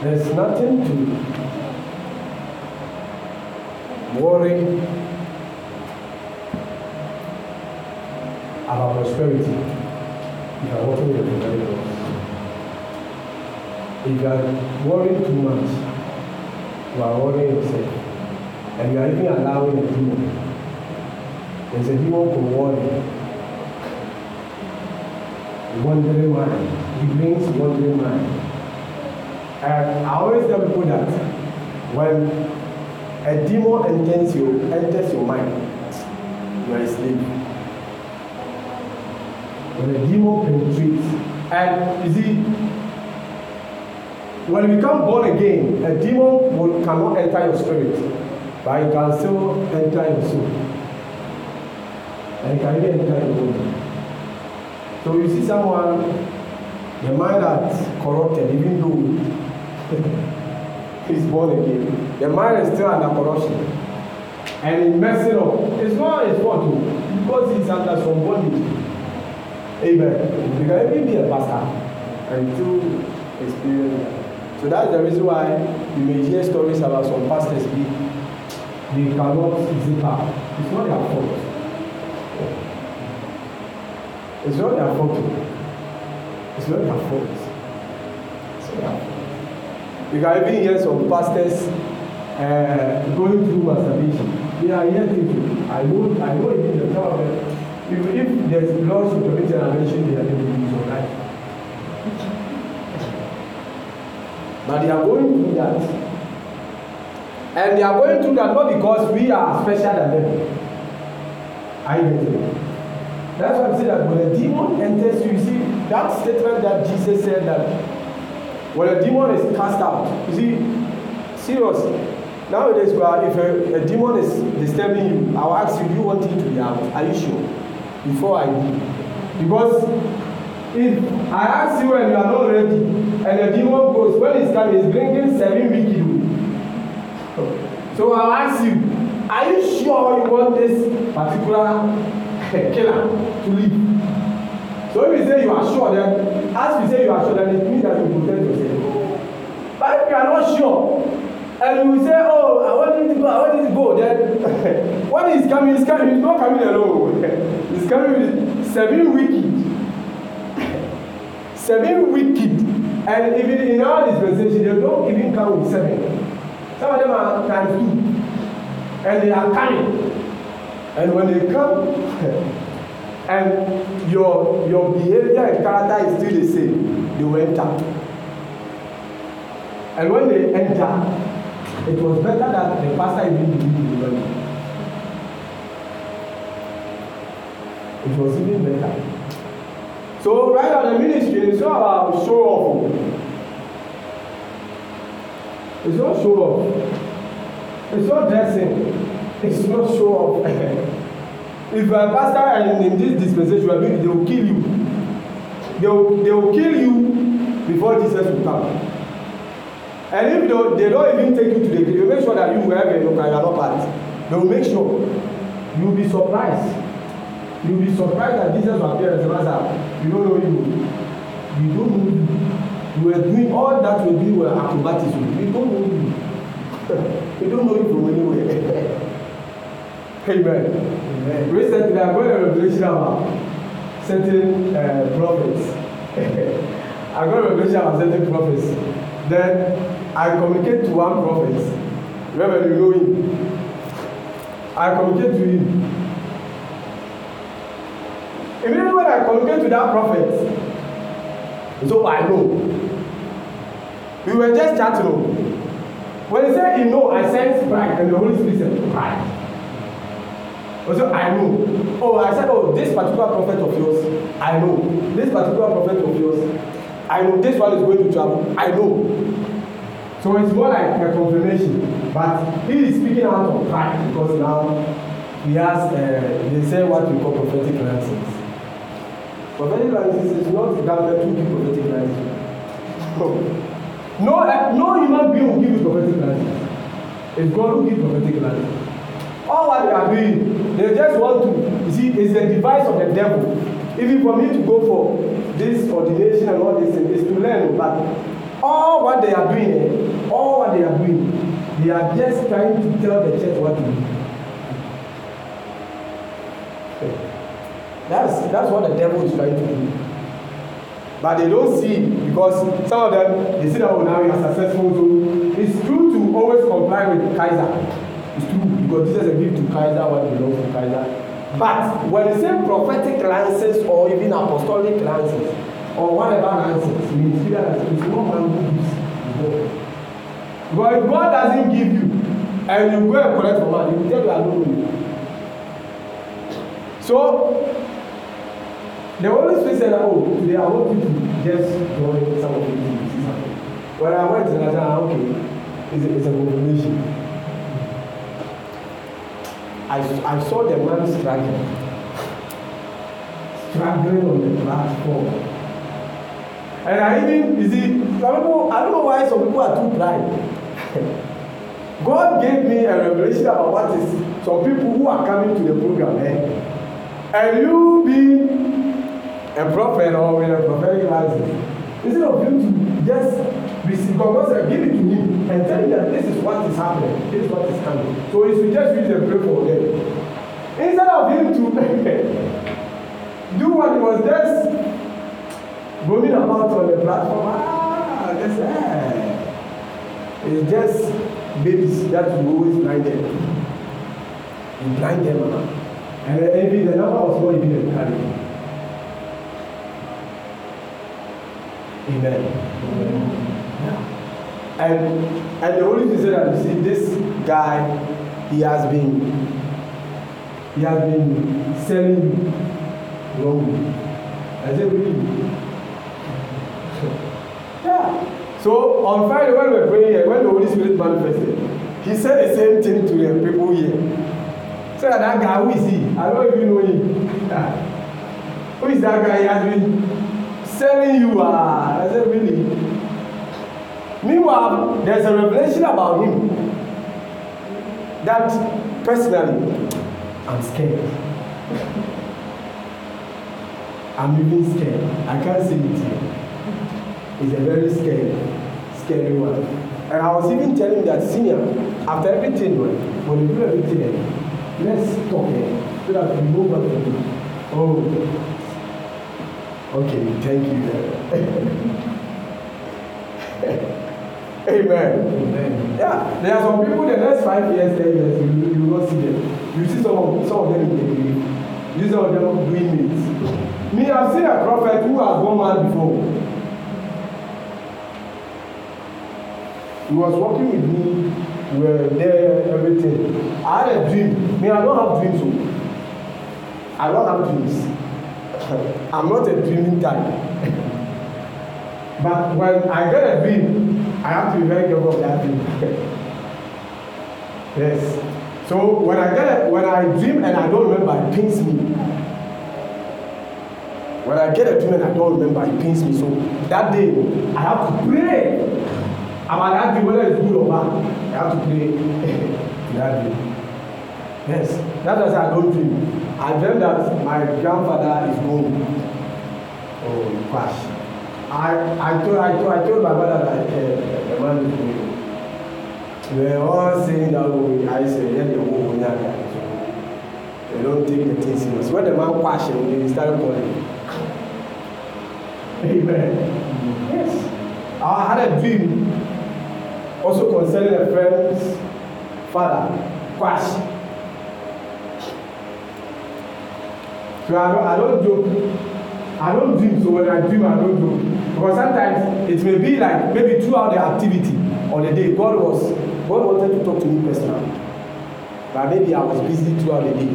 this. There's nothing to worry our prosperity you are working with the prophetic word. If you are worrying too much, you are worrying yourself. And you are even allowing a demon. There's a demon for worry. Wandering mind. He brings wandering mind. And I always tell people that when a demon enters your, enters your mind, you are asleep. when the demon penetrates. And you see, when you become born again, a demon will, cannot enter your spirit, but it can still enter your soul. And it can even enter your body. So you see someone, the mind that's corrupted, even though he's born again, the mind is still under corruption. And he's messes up. It's not his fault, oh, because he's under some bondage. Amen. You can even be a pastor and do experience that. So that's the reason why you may hear stories about some pastors be they cannot zip up. It's not their fault. It's not their fault. It's not their fault. It's not their fault. You can even hear some pastors uh, going through masturbation. They are here thinking, I know, I know it is the child If, if there's blood to commit an they are going to use your life. But they are going through that. And they are going through that not because we are special than them. I get it. That's why I say that when a demon enters you, you see that statement that Jesus said that when a demon is cast out, you see, seriously. Nowadays, if a, a demon is disturbing you, I will ask you, do you want him to be out? Are you sure? before I do. Because if I ask you and you are not ready, and the demon goes, when it's time, it's bringing seven wicked So I'll ask you, are you sure you want this particular killer to leave? So if you say you are sure, then as you say you are sure, then it means that you protect yourself. But if you are not sure, and we say oh i want you to go i want you to go then when he's coming he's coming he's not coming alone he's coming with seven wicked seven wicked and even in our dispensation they don't even come with seven some of them are times two and they are coming and when they come and your your behaviour and character is still the same they will enter and when they enter It was better that the pastor even believed in God. It was even better. So right now the ministry is not about show off. It's not show off. It's not dressing. It's not show off. if you a pastor and in this dispensation you are they will kill you. They will, they will kill you before Jesus will come. And if they, they don't even take you to the grave, they make sure that you wherever you can, you are not part. They will make sure. You will be surprised. You will be surprised that Jesus will appear as a master. You don't know him. You don't know him. You were doing all that we do were acrobatism. You don't know him. you don't know him from anywhere. Amen. Amen. Recently, I got a revelation about certain uh, prophets. I got a revelation about certain prophets. Then I communicate to one prophet, Wherever you know him. I communicate to him. Immediately when I communicate to that prophet, so oh, I know. We were just chatting. When he said he know, I sense pride, and the Holy Spirit said pride. Also, I know. Oh, I said, oh, this particular prophet of yours, I know. This particular prophet of yours, I know. This one is going to travel, I know. So it's more like a confirmation. But he is speaking out of pride because now he has, uh, they say what we call prophetic license. Prophetic license is not that there are two prophetic license. No, uh, no human being will give you prophetic license. It's God who gives prophetic license. All what they are doing, they just want to, you see, it's the device of the devil. Even for me to go for this ordination and all this, is to learn, but all what they are doing, all what they are doing, they are just trying to tell the church what to do. That's that's what the devil is trying to do. But they don't see because some of them they see that oh now we are successful so it's true to always comply with Kaiser. It's true because Jesus agreed to Kaiser what belongs to Kaiser. But when you say prophetic lances or even apostolic lances, or whatever nonsense you will feel that if one man who gives you go but if God doesn't give you and you go and collect from am he will tell you I no know you so the Holy say said oh today I want you to just join some of the things you see when I went to Nigeria okay it's a it's a confirmation I I saw the man struggling struggling on the platform and I even you see some people I don't know why some people are too blind. God gave me a revelation about what is some people who are coming to the program eh? and you be a prophet or with a prophetic license instead of you to just receive God God give it to him and tell him that this is what is happening this is what is coming so you should just use and pray for them instead of you to do what he was just moving about on the platform, ah, that's eh. It's just babies that you always blind them. You blind them, man. And maybe the number was not even carrying. Amen. Yeah. And and the only reason that you see this guy, he has been he has been selling wrong. I said, really? yeah. So on Friday when were praying here, when the Holy Spirit manifested, he said the same thing to the people here. So that, that guy, who is he? I don't even know him. Yeah. Who is that guy? He has been selling you. Uh, I said, really? Meanwhile, there's a revelation about him that personally, I'm scared. I'm even scared. I can't say it here. Is a very scary, scary one. And I was even telling that senior, after everything, when you do everything, let's talk eh, so that we know what to do. Oh, okay, thank you. Amen. Amen. Yeah, there are some people the next five years, ten years, you, you will not see them. You see some of, some of them in the grave. You see some of them doing it. Me, I've seen a prophet who has gone mad before. He was working with me. We were there, everything. I had a dream. Me, I don't have dreams. So oh. I don't have dreams. I'm not a dreaming type. but when I get a dream, I have to be very careful of that dream. yes. So when I get a, when I dream and I don't remember, it pains me. When I get a dream and I don't remember, it pains me. So that day, I have to pray our daddy whether it's good or bad, I have to play daddy. Yes, that was I don't dream. I dreamt that my grandfather is gone. Oh, he passed. I, I told I told I told my brother that uh, the man is going. We were all saying that we oh, I said, yeah, the woman They don't take the thing serious. When the man passed, eh, they start calling. Amen. Yes. I had a dream also concerning a friend's father, Kwash. So I don't, I don't joke. I don't dream, so when I dream, I don't joke. Because sometimes it may be like maybe throughout the activity on the day, God was God wanted to talk to me personally. But maybe I was busy throughout the day.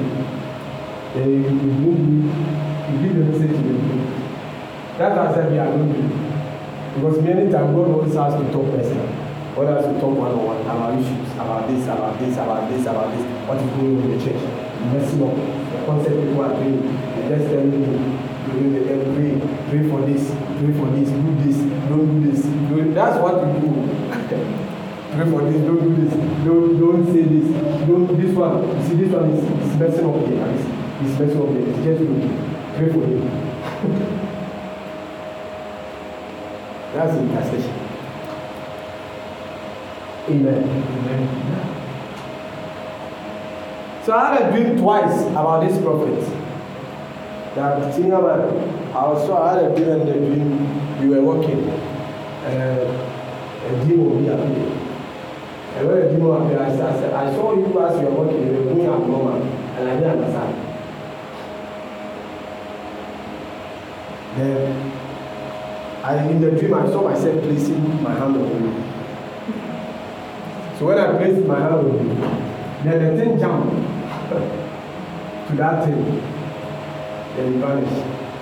Then he move, me, he gave the message to me. That's why I said, yeah, I don't dream. Because many times God wants us to talk personally. Others will talk one on one about issues, about this, about this, about this, about this, what is going on in the church. Messing up. The concept people are doing. They just tell me, pray, pray for this, pray for this, do this, don't do this. That's what we do. pray for this, don't do this, don't, don't say this, don't this one. You see, this one is, is messing up here. It's, it's messing up here. It's just good. Pray for him. That's intercession. Amen. Amen. So I had a dream twice about this prophet. That senior man, I was so I had a dream and the dream we were walking. Uh, a demon will appeared. And when the demon appeared, I said, I saw you as you were walking, you were going abnormal, and I didn't understand. Then I, in the dream, I saw myself placing my hand on you. So when I placed my hand on him, then the thing jumped to that thing. Then he vanished.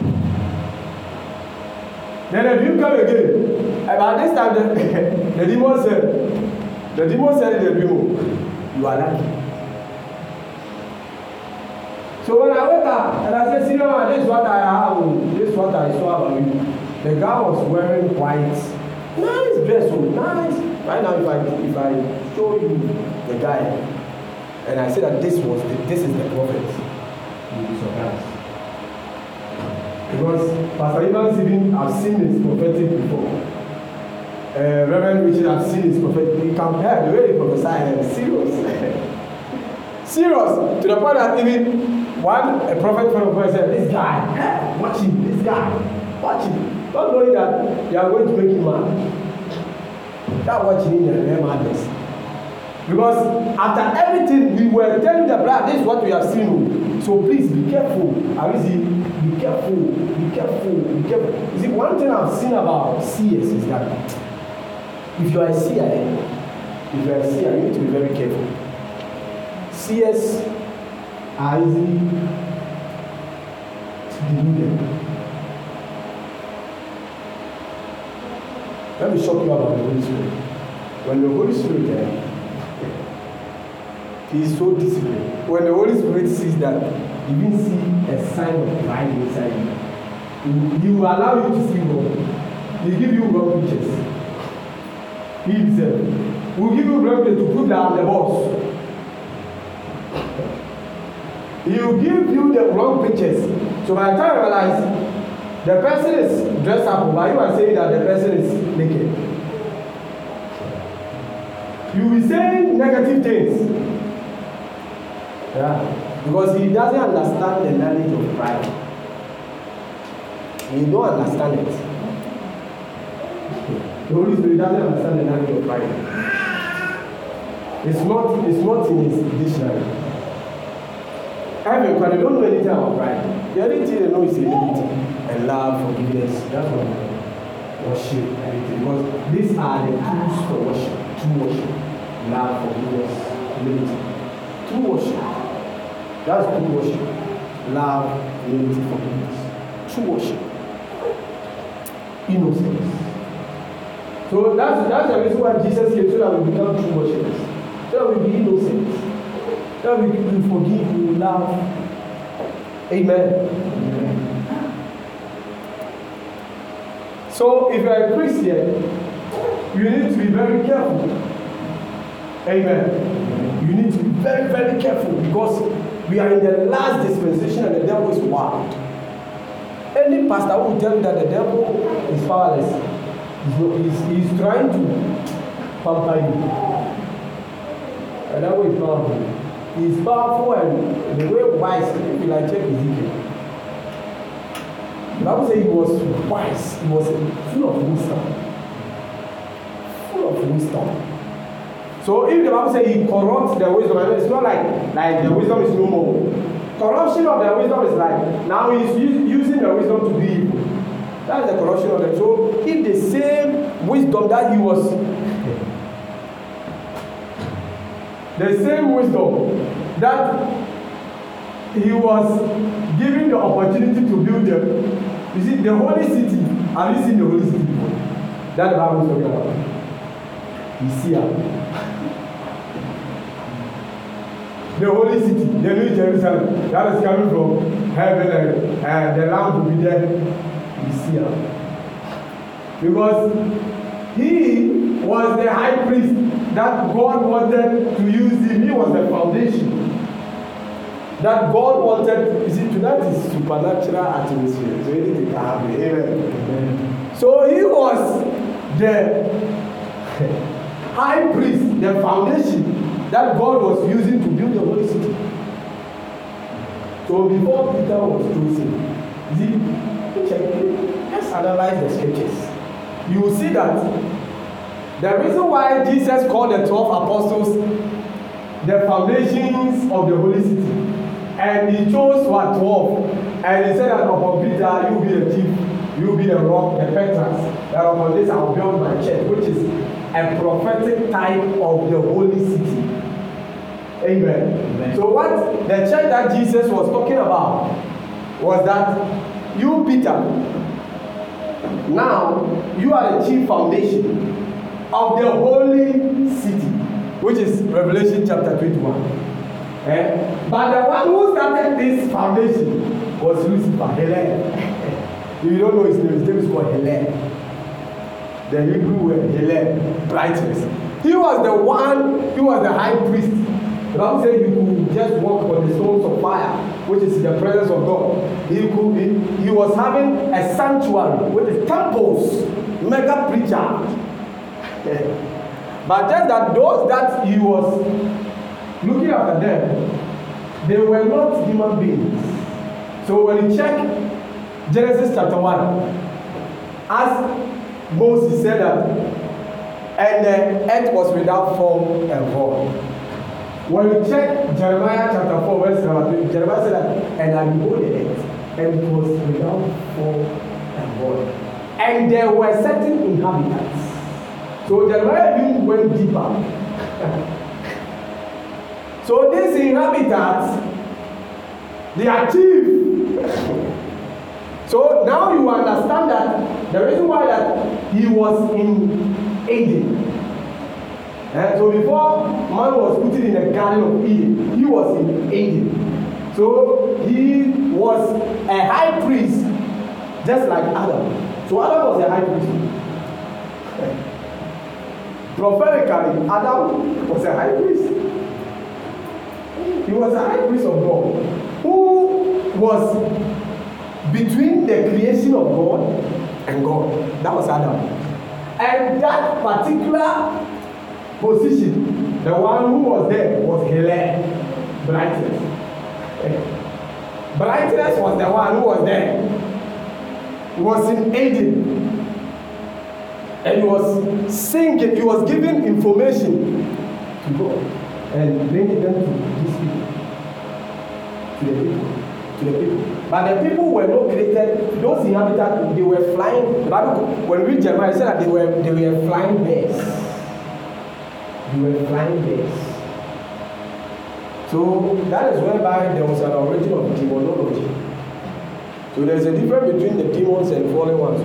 Then the dream come again. About this time, the, the demon said, the demon said in the dream, you are lucky. So when I wake up and I said, see, mama, this is what I have, this is what I saw about you. The guy was wearing white, nice dress, oh, nice. Right now, if I if I show you the guy. And I said that this was the, this is the prophet. You'll be surprised. Because Pastor even I've seen his prophetic before. Uh, Reverend Richard, I've seen his prophetic. He can hear the way he prophesied, eh, serious. serious to the point that even one a prophet from a person. said this guy eh, watch him this guy watch him not knowing that you are going to make him mad that watching him dey remain madness because after everything we were telling the bride this is what we have seen so please be careful abizi be careful be careful be careful you see one thing i have seen about seers is that if you are a seer eh if you are a seer you need to be very careful seers are easily deluded let me shock you about the holy spirit when the holy spirit eh. He is so disciplined. When the Holy Spirit sees that, you will see a sign of pride inside you. He will allow you to see wrong. He will give you wrong pictures. He himself will give you wrong pictures to put down the boss. He will give you the wrong pictures. So by the time you realize, the person is dressed up, but you are saying that the person is naked. You will say negative things. Yeah. Because he doesn't understand the knowledge of pride. He don't understand it. The Holy Spirit doesn't understand the knowledge of pride. It's not, it's not in his dictionary. Every they don't know anything about pride. The only thing they know is humility and love, forgiveness. That's what they Worship, everything. Because these are the tools for worship. To worship. Love, forgiveness, humility true worship. That's true worship. Love, unity, forgiveness. True worship. Innocence. So that's, that's the reason why Jesus came so that we become true worshippers. So that we be innocent. So that we, we forgive, we love. Amen. Amen. So if you're a Christian, you need to be very careful. Amen you need to be very, very careful because we are in the last dispensation and the devil is wild. Any pastor who will tell you that the devil is powerless, he's, he's trying to pamper you. And that way is powerful. He's powerful and the way wise, if you like check Ezekiel. The Bible says he was wise, he was full of wisdom. Full of wisdom. So if the Bible says he corrupts the wisdom, it's not like like the wisdom is no more. Corruption of the wisdom is like now he's using the wisdom to be evil. That is the corruption of the So if the same wisdom that he was, the same wisdom that he was giving the opportunity to build them, you see the holy city. Have you seen the holy city before? That the Bible is talking about. You see her. the holy city, the new Jerusalem, that is coming from heaven and, and the Lamb will be there. You see her. Because he was the high priest that God wanted to use him. He was the foundation that God wanted. You see, tonight is supernatural atmosphere. So anything can happen. Amen. So he was the high priest, the foundation that God was using to build the holy city. So before Peter was chosen, see, Let's analyze the scriptures. You will see that the reason why Jesus called the twelve apostles the foundations of the holy city, and he chose what twelve, and he said that upon Peter you will be the chief you will be the rock, the pentance. That upon this I will build my church, which is a prophetic type of the holy city. Amen. Amen. So what the church that Jesus was talking about was that you, Peter, now you are the chief foundation of the holy city, which is Revelation chapter 21. Eh? But the one who started this foundation was Lucifer, Helen. If you don't know his name, his name is called Helen. The Hebrew word, Helen, brightness. He was the one, he was the high priest The Bible said "You could just walk on the stones of fire, which is the presence of God. He could he, he was having a sanctuary with his temples, mega preacher. But just that those that he was looking after them, they were not human beings. So when you check Genesis chapter 1, as Moses said that, and the earth was without form and void When you check Jeremiah chapter 4, verse number 3, Jeremiah said that, and I beholded it, and it was without form and void. And there were certain inhabitants. So Jeremiah even went deeper. so these inhabitants, they are thieves. So now you understand that the reason why that he was in Eden And eh, so before man was put in the garden of Eden, he was in Eden. So he was a high priest, just like Adam. So Adam was a high priest. Prophetically, Adam was a high priest. He was a high priest of God who was between the creation of God and God. That was Adam. And that particular position, the one who was there was Hilaire, brightness. Eh? Brightness was the one who was there. He was in Aden. And he was singing, he was giving information to God and bringing them to these people, to the people, to the people. But the people were not created, those inhabitants, they were flying. The Bible, when we read Jeremiah, it said that they were, they were flying birds. you were flying birds. So that is whereby there was an origin of demonology. So there's a difference between the demons and fallen ones.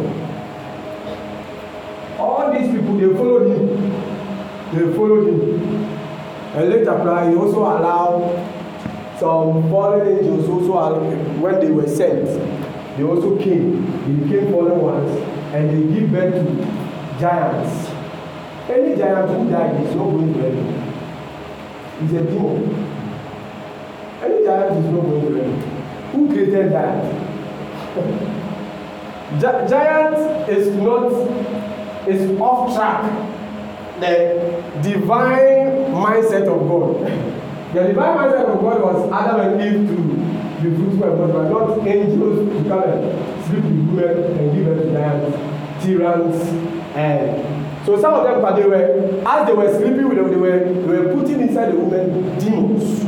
All these people, they followed him. They followed him. And later, he also allowed some fallen angels also when they were sent they also came they became fallen ones and they give birth to giants Any giant who died is not going to heaven. He's a demon. Any giant is not going to heaven. Who created giant? giant is not is off track. The divine mindset of God. The divine mindset of God was Adam and Eve to be fruitful and multiply, not angels to come and sleep with women and give them to giants, tyrants, and So some of them, but they were, as they were sleeping with them, they were, they were putting inside the woman demons.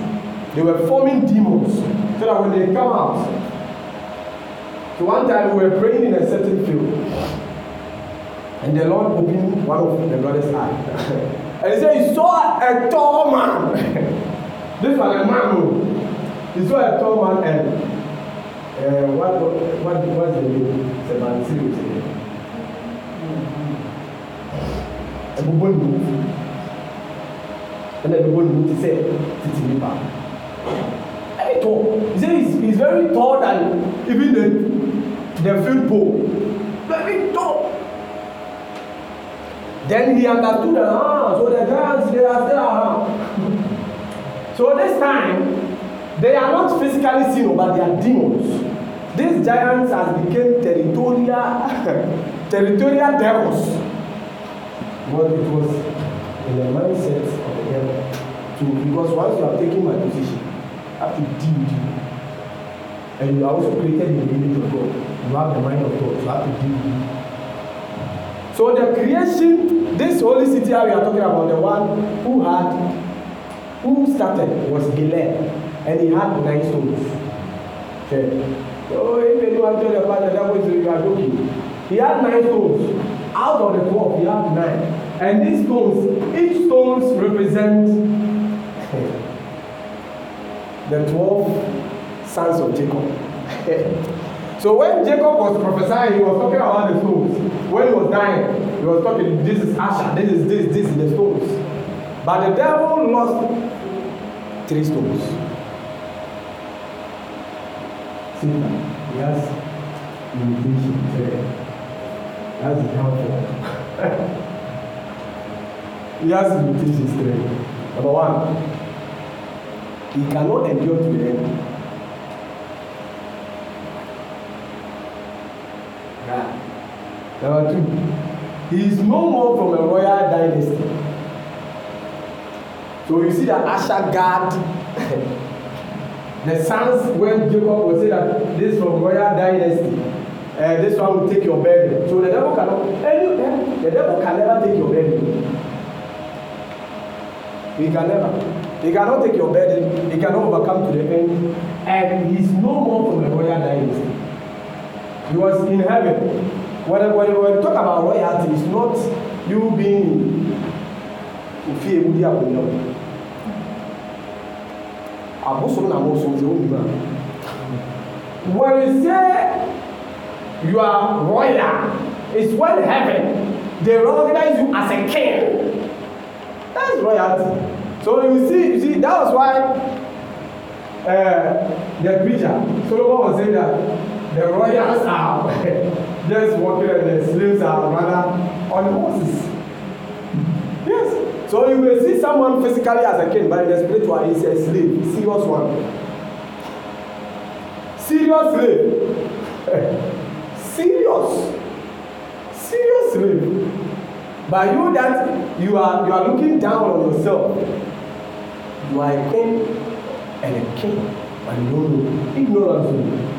They were forming demons so that when they come out. So one time we were praying in a certain field, and the Lord opened one of the brother's eyes. and he said, He saw a tall man. this was a man. Oh. He saw a tall man and uh, what, what, what was the name? It's about serious ɛbobɔ ne mu ɛna ɛbobɔ ne mu te sɛ tete nipa ɛyɛ tɔ he say he is very tall than even the the field pole very tall then he understood that ah so the giants they are still around so this time they are not physically seen but they are demons these giants has become territorial territorial devils what it was in the mindset of the devil to because once you have taken my position I have to deal with you and you are also created in the image of God you have the mind of God so I have to deal with you so the creation this holy city we are talking about the one who had who started was Gilead and he had nine stones okay so if anyone tell your father that way you are joking he had nine stones out of the twelve he had nine And these stones, each stones represent the 12 sons of Jacob. so when Jacob was prophesying, he was talking about the stones. When he was dying, he was talking, this is Asher, this is this, this is the stones. But the devil lost three stones. Satan, he has limitation. That's the downfall. He has limitations there. Number one, he cannot endure to the end. Yeah. Number two, he is no more from a royal dynasty. So you see that Asher guard the sons when Jacob was say that this from royal dynasty uh, this one will take your burden so the devil cannot any eh, the devil can never take your burden He can never. He cannot take your burden. He cannot overcome to the end. And he's no more from the royal dynasty. He was in heaven. When, when, when we talk about royalty, it's not you being in fear with your own. Abosom na abosom ti o nima. When you say you are royal, it's when heaven they recognize you as a king. That's royalty. So you see, you see, that was why uh, the preacher Solomon was saying that the royals are just walking and the slaves are rather on horses. Yes. So you may see someone physically as a king, but in the spiritual is a slave, serious one. Serious slave. serious. Serious slave. By you that you are you are looking down on yourself, you are a king and a king, and no no ignorance.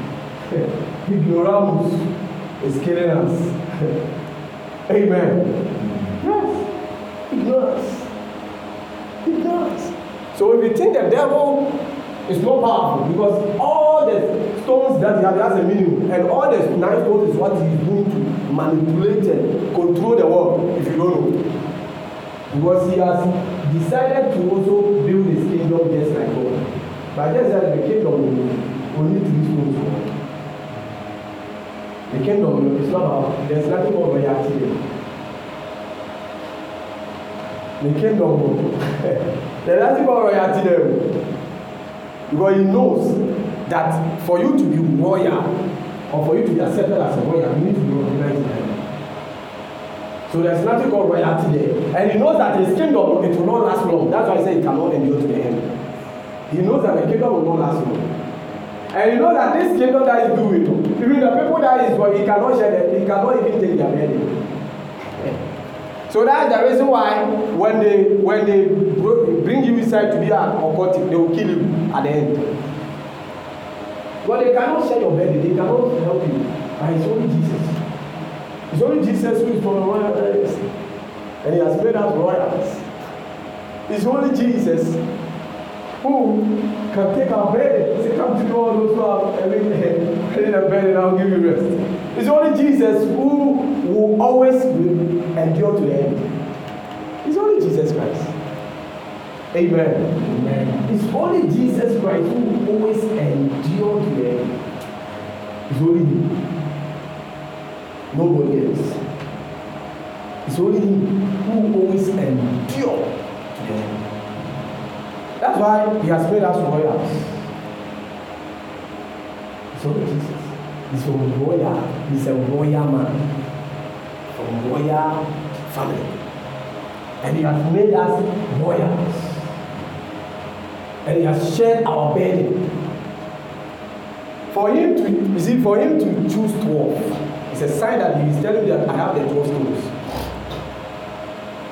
Ignoramus is killing us. Amen. Yes, ignorance. Ignorance. So if you think the devil It's more powerful because all the stones that he has, has a meaning, and all the nine stones is what he's doing to manipulate and control the world, if you don't know. Because he has decided to also build his kingdom just like God. But just that the kingdom only three stones. The kingdom is not about, there's nothing more royalty there the kingdom there's nothing lati bọ ọ̀rọ̀ yà Because he knows that for you to be royal or for you to be accepted as a royal, you need to be recognized in heaven. So there's nothing called royalty there. And he knows that his kingdom, it will not last long. That's why he said it cannot endure to the end. He knows that the kingdom will not last long. And he knows that this kingdom that is doing, even the people that is, for, he cannot share them, he cannot even take their money. So that's the reason why when they when they bring you inside to be a occultic, they will kill you at the end. Well, they cannot share your burden. They cannot help you. But it's only Jesus. It's only Jesus who is from the royal palace, and He has made us royals. It's only Jesus who can take our burden. Say, "Come to all those who are having a burden. I'll give you rest." It's only Jesus who will always endure to the end. It's only Jesus Christ. Amen. Amen. It's only Jesus Christ who will always endure to the end. It's only Him. Nobody else. It's only Him who will always endure to the end. That's why He has made us royals. It's only Jesus. He's a royal. He's a royal man. from royal family. And he has made us royals. And he has shared our burden. For him to, you see, for him to choose 12, it's a sign that he is telling you that I have the 12 stones.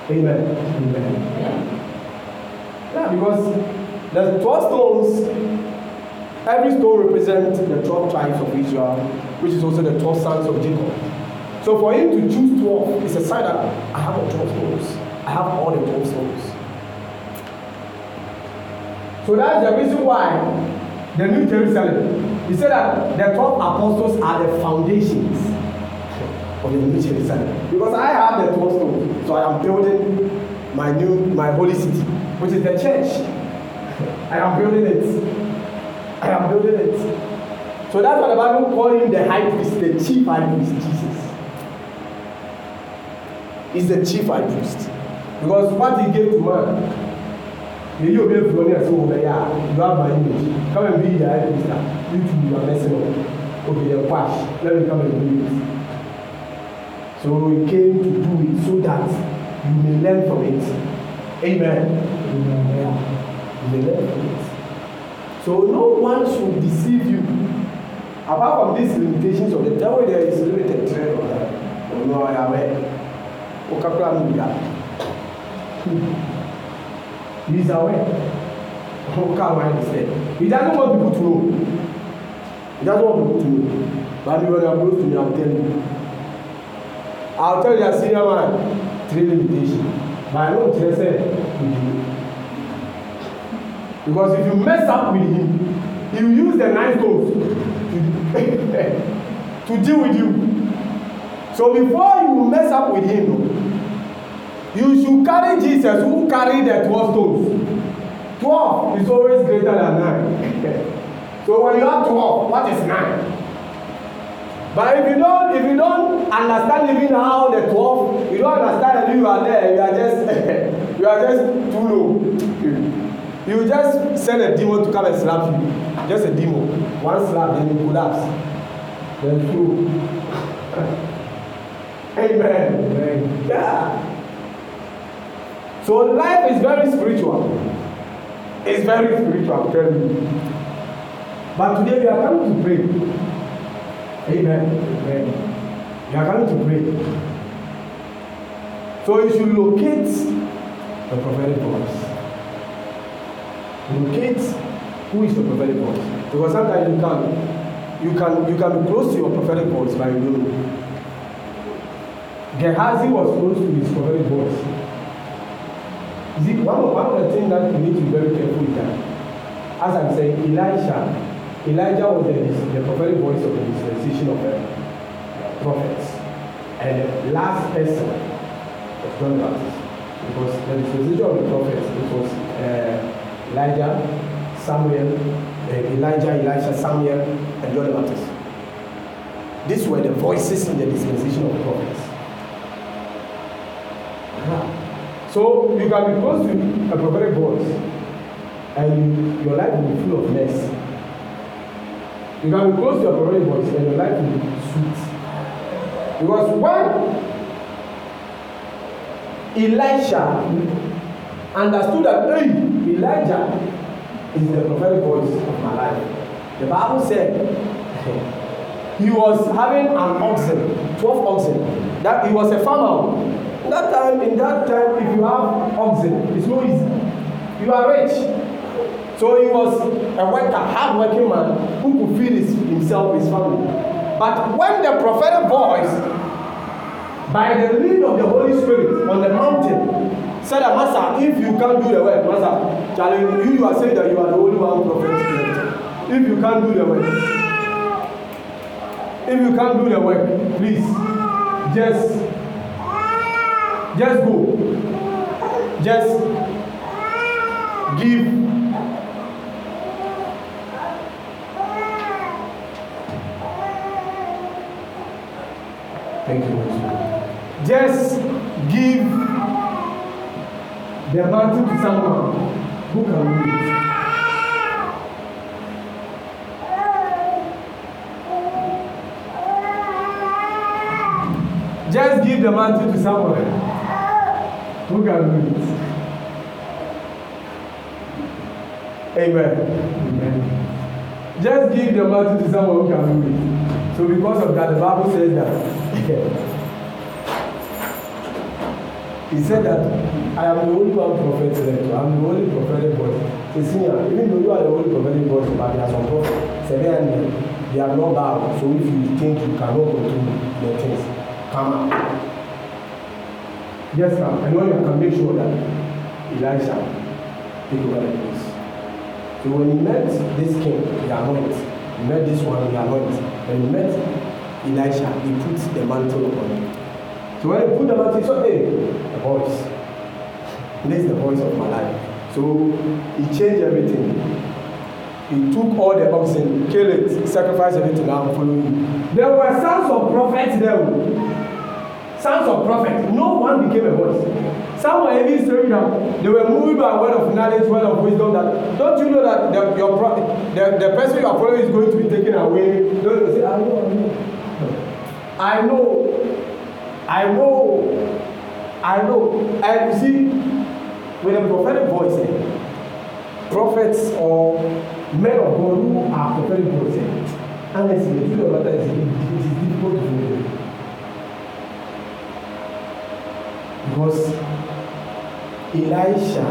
Amen. Amen. Yeah. yeah, because the 12 stones Every stone represents the 12 tribes of Israel, which is also the 12 sons of Jacob. So for him to choose 12 is a sign that I have all 12 stones. I have all the 12 stones. So that's the reason why the New Jerusalem, he said that the 12 apostles are the foundations of the New Jerusalem. Because I have the 12 stones, so I am building my new, my holy city, which is the church. I am building it. I am building it. So that's why the Bible calls him the high priest, the chief high priest, is the chief high priest because what he gave to man the be èyí ò say, fún ọ ní ẹsẹ òun ẹyà ìlú àbáyé méjì káwọn ẹbí yìí ayé pèsè ní tu ìlú abẹsẹ wọn obìnrin Let me come and ẹbí yìí so he came to do it so that you may learn from it amen you may learn from it so no one should deceive you apart from these limitations of the devil there is limited trade on that ukakula muda he's aware oka wa is there he doesn't want people to know he doesn't want people to know but me you are close to me i will tell you i will tell you as senior man three limitation but i know tell say you because if you mess up with him he will use the nine stones to to deal with you so before you mess up with him you should carry jesus who carry the twelve stones twelve is always greater than nine so when you have twelve what is nine but if you don't if you don't understand even how the twelve you don't understand that you are there you are just you are just too low you just send a demon to come and slap you just a demon one slap then you collapse then through amen, amen. Yeah. So life is very spiritual. It's very spiritual, I'm telling you. But today we are coming to pray. Amen. Amen. We are coming to pray. So you should locate the prophetic voice. Locate who is the prophetic voice. Because sometimes you can you can you can be close to your prophetic voice by you know. Gehazi was close to his prophetic voice. You see, one, one of the things that we need to be very careful with that, as I'm saying, Elijah, Elijah was the, the prophetic voice of the dispensation of the uh, prophets. And the last person of John Baptist. Because the dispensation of the prophets, it was uh, Elijah, Samuel, uh, Elijah, Elijah, Samuel, and John the Baptist. These were the voices in the dispensation of the prophets. So you can be close to a prophetic voice and your life will be full of mess. You can be close to a prophetic voice and your life will be sweet. Because when Elisha understood that hey, Elijah is the prophetic voice of my life, the Bible said he was having an oxen, 12 oxen, that he was a farmer That time, in that time, if you have oxen, it's no easy. You are rich. So he was a worker, hard-working man who could feed his, himself, his family. But when the prophetic voice, by the lead of the Holy Spirit on the mountain, said that Master, if you can't do the work, Master, Charlie, you, you are saying that you are the only one prophet. If you can't do the work, if you can't do the work, please just just go just give thank you just give the mantle to someone who can win it. Just give the mantle to someone. Who can do it? Amen. Amen. Just give the matter to someone who can do it. So because of that, the Bible says that. he said that I am the only one prophet left. I am the only prophet voice. He said, uh, even though you are the only prophet voice, but there are some prophets, seven and they are not bound. So if you think you cannot control the things, come out. Yes, sir. I know you can make sure that Elisha take over the place. So when he met this king, he anointed. He met this one, he anointed. When he met Elisha, he put the mantle upon him. So when he put the mantle, he said, hey, the voice. This is the voice of my life. So he changed everything. He took all the oxen, killed it, sacrificed everything, and followed him. There were sons of prophets there sons of prophets. No one became a voice. Some were even saying that they were moved by word of knowledge, word of wisdom. That don't you know that the, your prophet, the, the person you are following is going to be taken away? Don't you say, I know, I know, I know, I know. And you see, with a prophetic voice, eh, prophets or men of God who are prophetic voices, honestly, eh, the truth of matter is it is difficult to know. Because Elisha,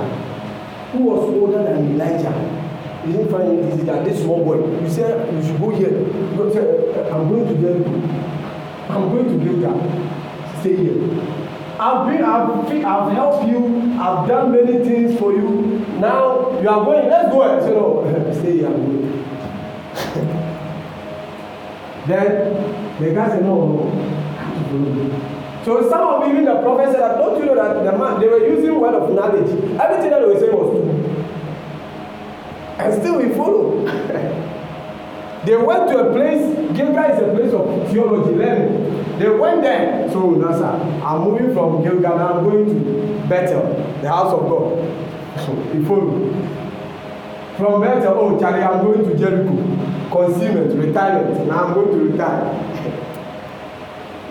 who was older than Elijah, he didn't find it easy that this small boy, you say you should go here. You go say, I'm going to Delhi. I'm going to Delhi. Stay here. I've been, I've, I've helped you. I've done many things for you. Now you are going. Let's go. I said, no, stay here. I'm going. then the guy said, no, no, I have to follow you. So some of even the prophets said that don't you know that the man they were using word of knowledge. Everything that they were saying was true. And still we follow. they went to a place, Gilgal is a place of theology, learning. They went there. So now sir, I'm moving from Gilgal, I'm going to Bethel, the house of God. So we follow. From Bethel, oh Charlie, I'm going to Jericho. Concealment, retirement. Now I'm going to retire.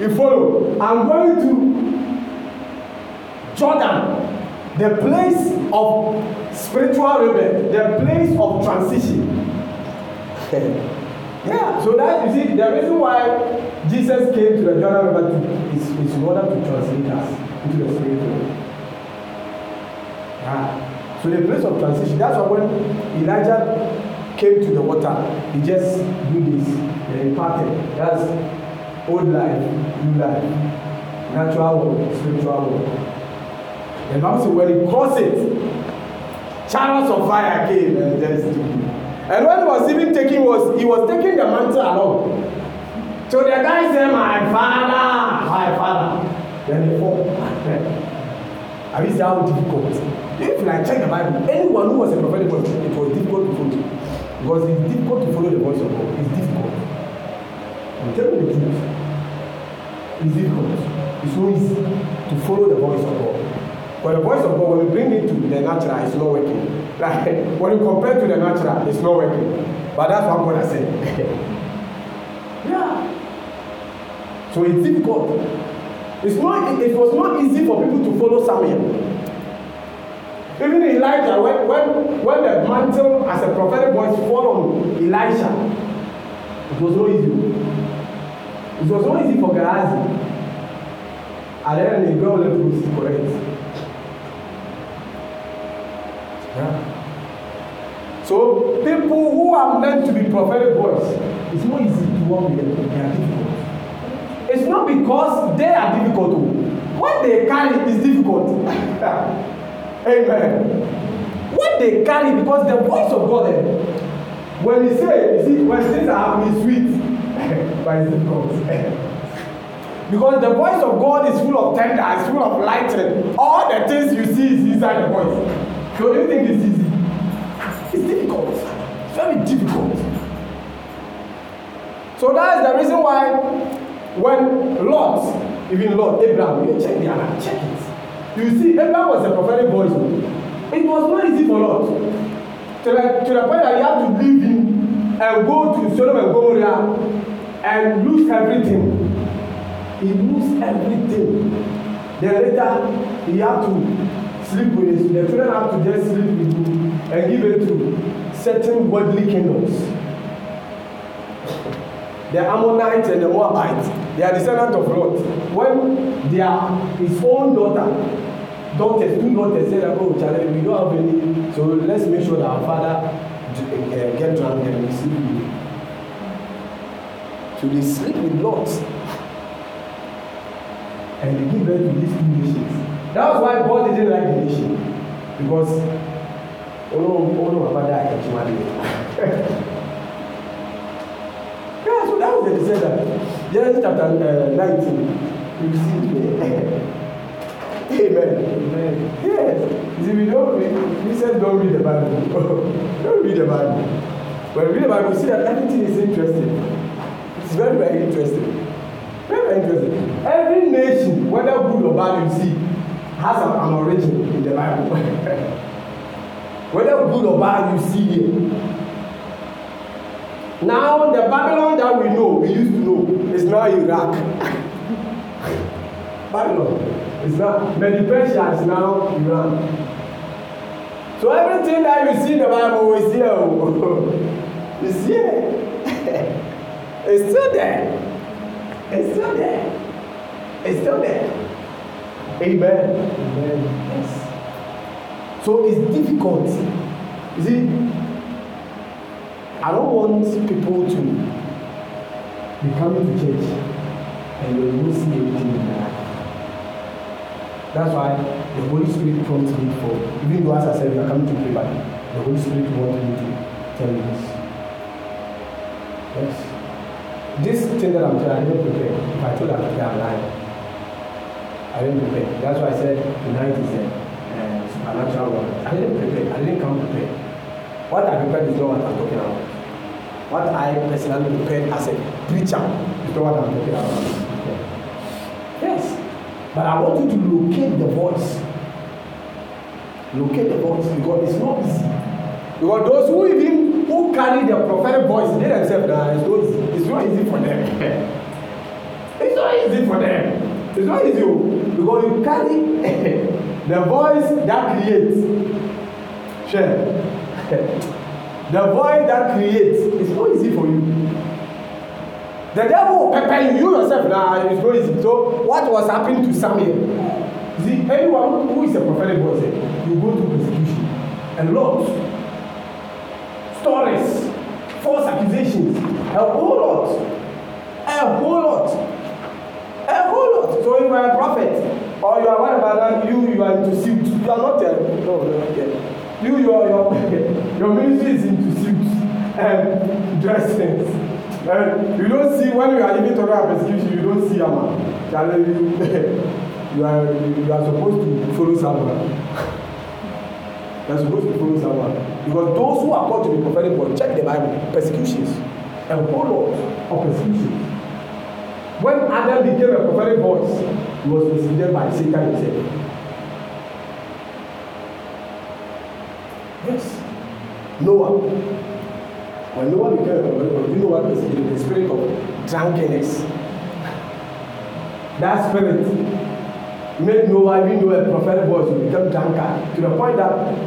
You follow? I'm going to Jordan, the place of spiritual rebirth, the place of transition. yeah, so that you see, the reason why Jesus came to the Jordan River to, is, is in order to translate us into the spiritual realm. Ah. So the place of transition, that's why when Elijah came to the water, he just do this, and he parted. That's old life new life natural world spiritual world the bible say when he crossed it chariots of fire came and just took and when he was even taking was he was taking the mantle along so the guy say my father my father then he fall i mean how difficult if you like check the bible anyone who was a prophetic person it was difficult to follow because it's difficult to follow the voice of god it's difficult I'm telling the truth. It's difficult. It's so easy to follow the voice of God. But the voice of God, when you bring it to the natural, it's not working. Like when you compare to the natural, it's not working. But that's what God has said. yeah. So it's difficult. It's not, it, it was not easy for people to follow Samuel. Even Elijah, when, when, when the mantle as a prophetic voice fall on Elijah, It was no easy. It was no easy for Gehazi. And then the girl left with correct. Yeah. So people who are meant to be prophetic voice, it's not easy to work with them. They are difficult. It's not because they are difficult. What they carry is difficult. Amen. What they carry because the voice of God. Eh, when he say you see when things are happening sweet but it's difficult because the voice of God is full of tender it's full of lightning all the things you see is inside the voice so you think it's easy it's difficult it's very difficult so that is the reason why when Lot even Lot Abraham you check the other, check it you see Abraham was a prophetic voice it was not easy for Lot to the to the point that you have to leave him and go to Sodom and Gomorrah and lose everything he lose everything then later he had to sleep with his the children have to just sleep with him and give it to certain worldly kingdoms the Ammonites and the Moabites they are descendants of Lot when their his own daughter don't test do not test say oh chale we don't have any so let's make sure that our father uh, get drunk and we sleep with him sleep with lots and they give birth to these two nations that's why God didn't like the nation because olóhùn olóhùn bàbá dá ẹ̀kí wá lé yeah so that was the descendant Genesis chapter uh, nineteen you see there. Amen. Amen. Yes. If you don't read, he said don't read the Bible. don't read the Bible. When you read the Bible, you see that everything is interesting. It's very, very interesting. Very, very interesting. Every nation, whether good or bad, you see, has an, an origin in the Bible. whether good or bad, you see here. Now the Babylon that we know, we used to know, is now Iraq. Babylon. Islam. But the Persia is now Iran. So everything that you see in the Bible is here. it's here. it's still there. It's still there. It's still there. Amen. Amen. Yes. So it's difficult. You see, I don't want people to be coming to church and they will not see anything in their That's why the Holy Spirit prompted me for, even though as I said, we are coming to pray, but the Holy Spirit wanted me to tell you this. Yes. This thing that I'm telling, I didn't prepare. If I told that I'm lying. I didn't prepare. That's why I said tonight is a uh, supernatural one. I didn't prepare. I didn't come prepared. What I prepared is not what I'm talking about. What I personally prepared as a preacher is not what I'm talking about. Yeah. Yes. But I want you to locate the voice. Locate the voice because it's not easy. Because those who even who carry the prophetic voice, they themselves that It's not easy. It's not easy for them. it's not easy for them. It's not easy oh. because you carry the voice that creates. Share. the voice that creates. It's not easy for you. The devil will pepper you yourself now. Nah, it's no easy. So, what was happening to Samuel? See, anyone who is a prophetic say, eh, you go through persecution. And lots. Stories. False accusations. A whole lot. A whole lot. A whole lot. So, if you are a prophet or you are one of you, you are into suit. You are not there. No, no, not there. You, your, your, your ministry is into suits um, and dressings. And eh, you don't see when you are living under persecution, you don't see Amma. you are you are supposed to follow someone. you are supposed to follow someone. Because those who are called to be prophetic will check the Bible, persecutions, and follow of persecutions. When Adam became a prophetic voice, he was misleaded by Satan himself. Yes. Noah. When no one became a you know what is the spirit of drunkenness. That spirit made Noah, even though a prophetic voice, to become drunkard to the point that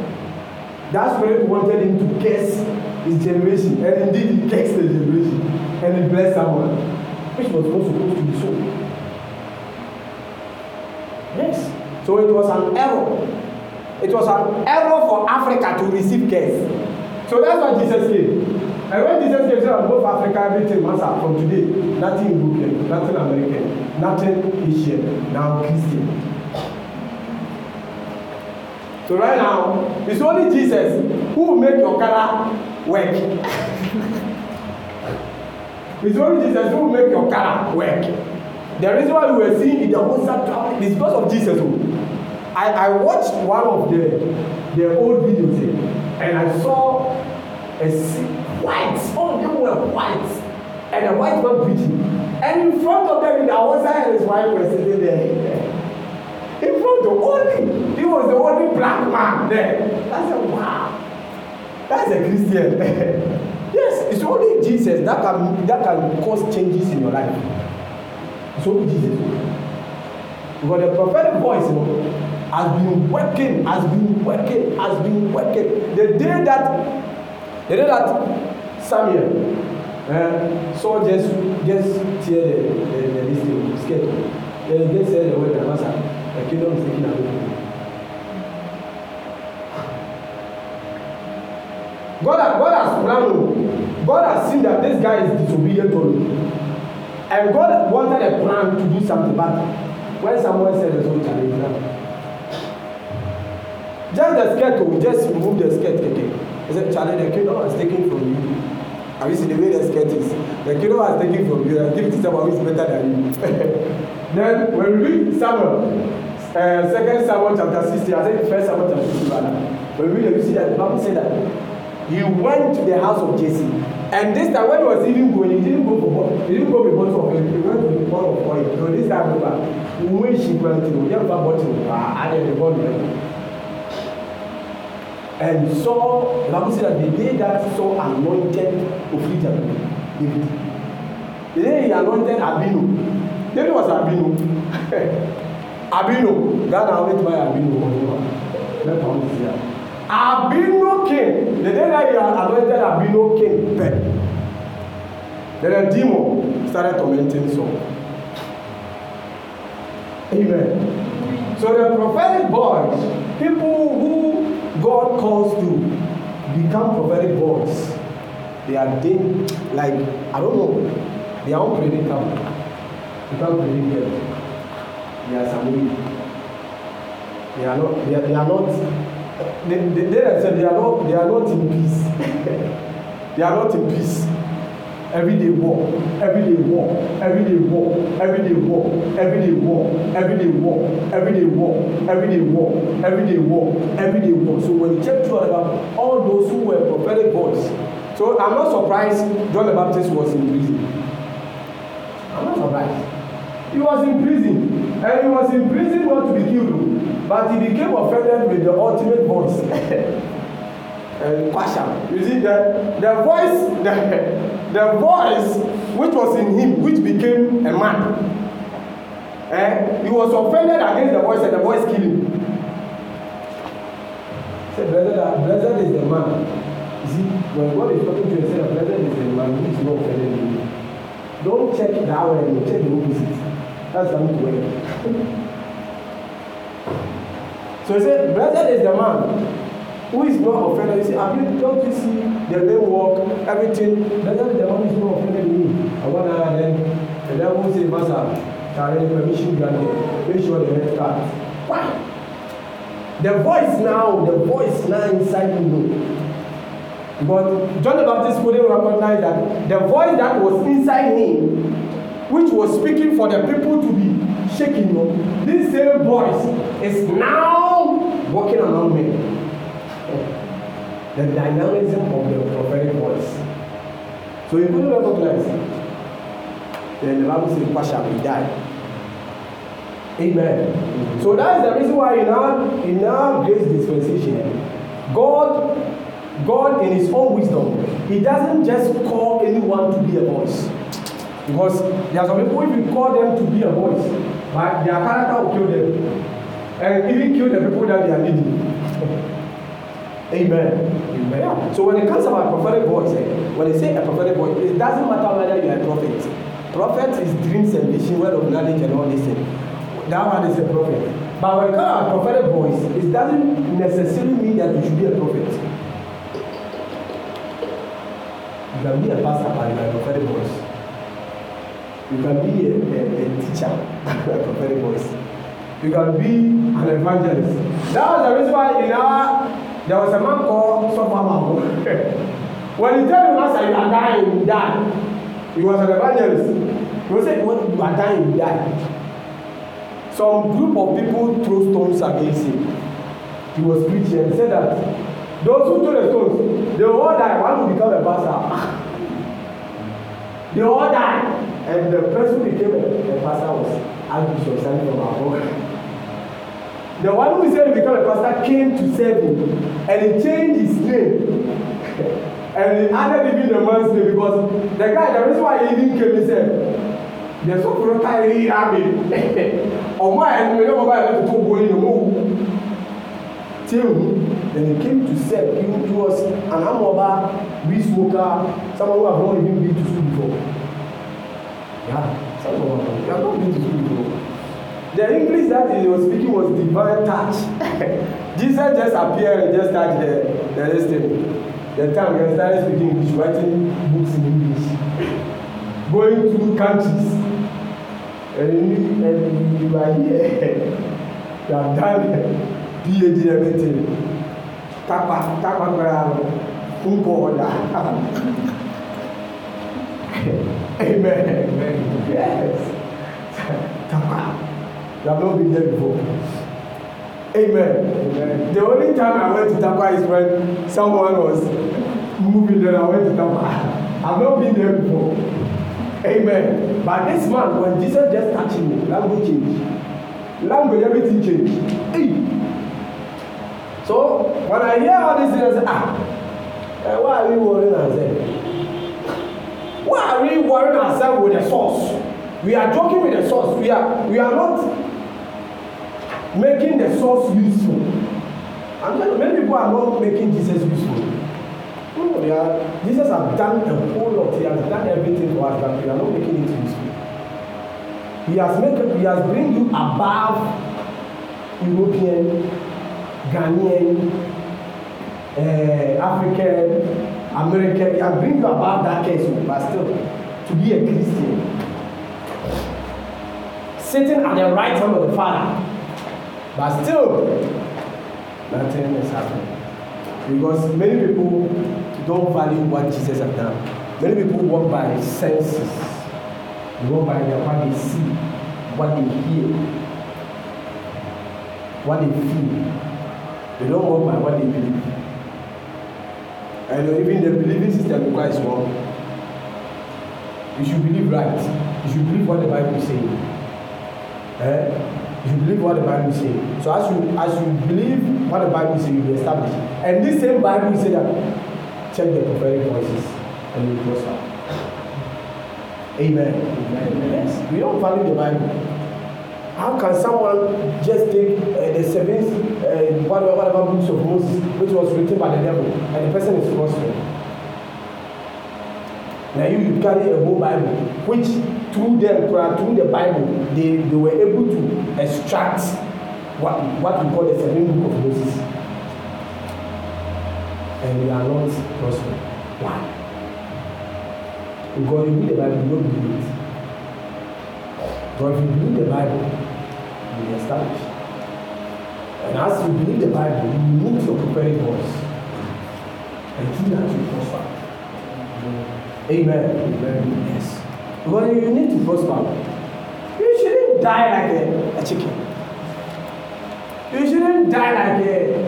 that spirit wanted him to curse his generation, and indeed he cursed the generation, and he blessed someone, which was not supposed to be so. Yes. So it was an error. It was an error for Africa to receive curse. So that's why Jesus came. And when Jesus came, he said, I'll go for Africa, everything, master, from today, nothing European, nothing American, nothing Asian, now Christian. So right now, it's only Jesus who will make your color work. it's only Jesus who will make your color work. The reason why we were seeing in the whole chapter is because of Jesus. Oh. I, I watched one of the, the old videos here, eh, and I saw a sick white all of them were white and the white man preaching and in front of them the hausa and his wife were sitting there in front of only he was the only black man there That's a wow that's a christian yes it's only jesus that can that can cause changes in your life it's only jesus because the prophetic voice you know, has been working has been working has been working the day that the day that samuel hein, eh, Saul just just tear the the the this thing skirt then he just tell the word, and master the kingdom is taken away from you. God has, God has planned, God has seen that this guy is disobedient to me, And God wanted a plan to do something, but when someone said there's no challenge now. Just the skirt, oh, just remove the skirt, okay? He said, "Challenge, the kingdom is taken from you. I you see the way the skirt is. The kilo was taken from you and give it to someone who is better than you. then when we read Samuel, uh, Second Samuel chapter 16, I think First Samuel chapter 16, rather. When we read it, you see that the Bible said that he went to the house of Jesse. And this time when he was even going, he didn't go for what? He didn't go with bottle of him. He went with bottle of oil. So this time, over, when she went to, he never bought it. Ah, I didn't go there and saw the bible say that the day that saw anointed ophidia david the day he anointed abino david was abino abino ghana only buy abino for you let me see am abino king the day that he anointed abino king bed then the demon started tormenting saul amen so the prophetic boys people who God calls to become prophetic voice. They are dead, like, I don't know, they are unpredictable. They can't predict them. They are some They are not, they are, they are not, they, they, they, they are not, they are not in peace. they are not in peace everyday war everyday war everyday war everyday war everyday war everyday war everyday war everyday war everyday war everyday war so when you check through the bible all those who were prophetic boys so i'm not surprised john the baptist was in prison i'm not surprised he was in prison and he was in prison not to be killed but he became offended with the ultimate voice and kwasha you see the the voice the the voice which was in him which became a man eh he was offended against the voice and the voice killed him he said blessed are blessed is the man you see when God is talking to yourself blessed is the man who is not offended in you don check that way. you check the opposite that's how it work so he said blessed is the man who is not offended you say abi don't you see the lay work everything then the one is not offended me i wan ah then the devil say masa carry permission grant there. make sure the head start why the voice now the voice now inside you know but john the baptist couldn't recognize that the voice that was inside him which was speaking for the people to be shaking you know this same voice is now walking among men the dynamism of the prophetic voice. So if you don't recognize, then the Bible says, What shall we die? Amen. So that is the reason why in our in our grace dispensation, God, God in His own wisdom, He doesn't just call anyone to be a voice. Because there are some people, if you call them to be a voice, but their character will kill them. And even kill the people that they are leading. Amen. Amen. Yeah. So when it comes about prophetic voice, eh, when they say a prophetic voice, it doesn't matter whether you are a prophet. Prophet is dreams and vision, word of knowledge and all this thing. That one is a prophet. But when it comes about prophetic voice, it doesn't necessarily mean that you should be a prophet. You can be a pastor by your prophetic voice. You can be a, a, a teacher by your prophetic voice. You can be an evangelist. That was the reason why in our there was a man called Sofamamo. when he tell me master you are dying you die he was an evangelist he was say when you are dying you die some group of people throw stones against him he was preaching and said that those who throw the stones they all die one will become a pastor they all die and the person became a, a pastor was archbishop sani from abuja. The one who said he became a pastor came to serve him and he changed his name. and he added even the man's name because the guy, the reason why he even came, he said, There's so for Kyrie Abbey. Ọmọ ẹ̀ ní ọmọ ẹ̀ tó gbóyè ní ọmọ òwú. Tí èwú, then he came to serve you to us an amọba, we smoker, someone who have not even been to school before. Yeah, someone who have not been to school before. The English that he was speaking was divine touch. Jesus just appeared and just touched the, the listening. The time he started speaking English, writing books in English, going through countries. And you, and you are here. you have done PhD everything. Tapa, tapa, who called that? Amen. Amen. Yes. Tapa. You have not been there before. Amen. Amen. The only time I went to Tapa is when someone was moving there. I went to Tapa. I've not been there before. Amen. But this man, when Jesus just touched him, language changed. Language, everything changed. Hey. So when I hear all this, I say, ah, eh, why are we worrying ourselves? Why are we worrying ourselves with the source? We are joking with the source. We are, we are not making the source useful. And then many people are not making Jesus useful. No, they are, Jesus has done a whole lot. He has done everything for us, but we are not making it useful. He has made he has bring you above European, Ghanaian, uh, African, American. He has bring you above that case, but still to be a Christian sitting at the right hand of the Father. But still, nothing is happening. Because many people don't value what Jesus has done. Many people walk by senses, they walk by their, what they see, what they hear, what they feel. They don't walk by what they believe. And even the believing system requires one. You should believe right. You should believe what the Bible is Eh? You believe what the Bible says. So as you as you believe what the Bible says, you be established. And this same Bible says that check the prophetic voices and you prosper. Amen. Amen. Yes. We don't value the Bible. How can someone just take uh, the service uh, eh, whatever, whatever books of Moses, which was written by the devil, and the person is prospering? Now you carry a whole Bible, which through them, through the Bible, they, they were able to extract what, what we call the seven book of Moses. And we are not prosper. Why? Because you read the Bible, you don't believe it. But if you believe the Bible, you will establish. And as you believe the Bible, you need your prepared voice. And through that, you prosper. Amen. Amen. Yes. Because you need to prosper. You shouldn't die like a, a chicken. You shouldn't die like a, a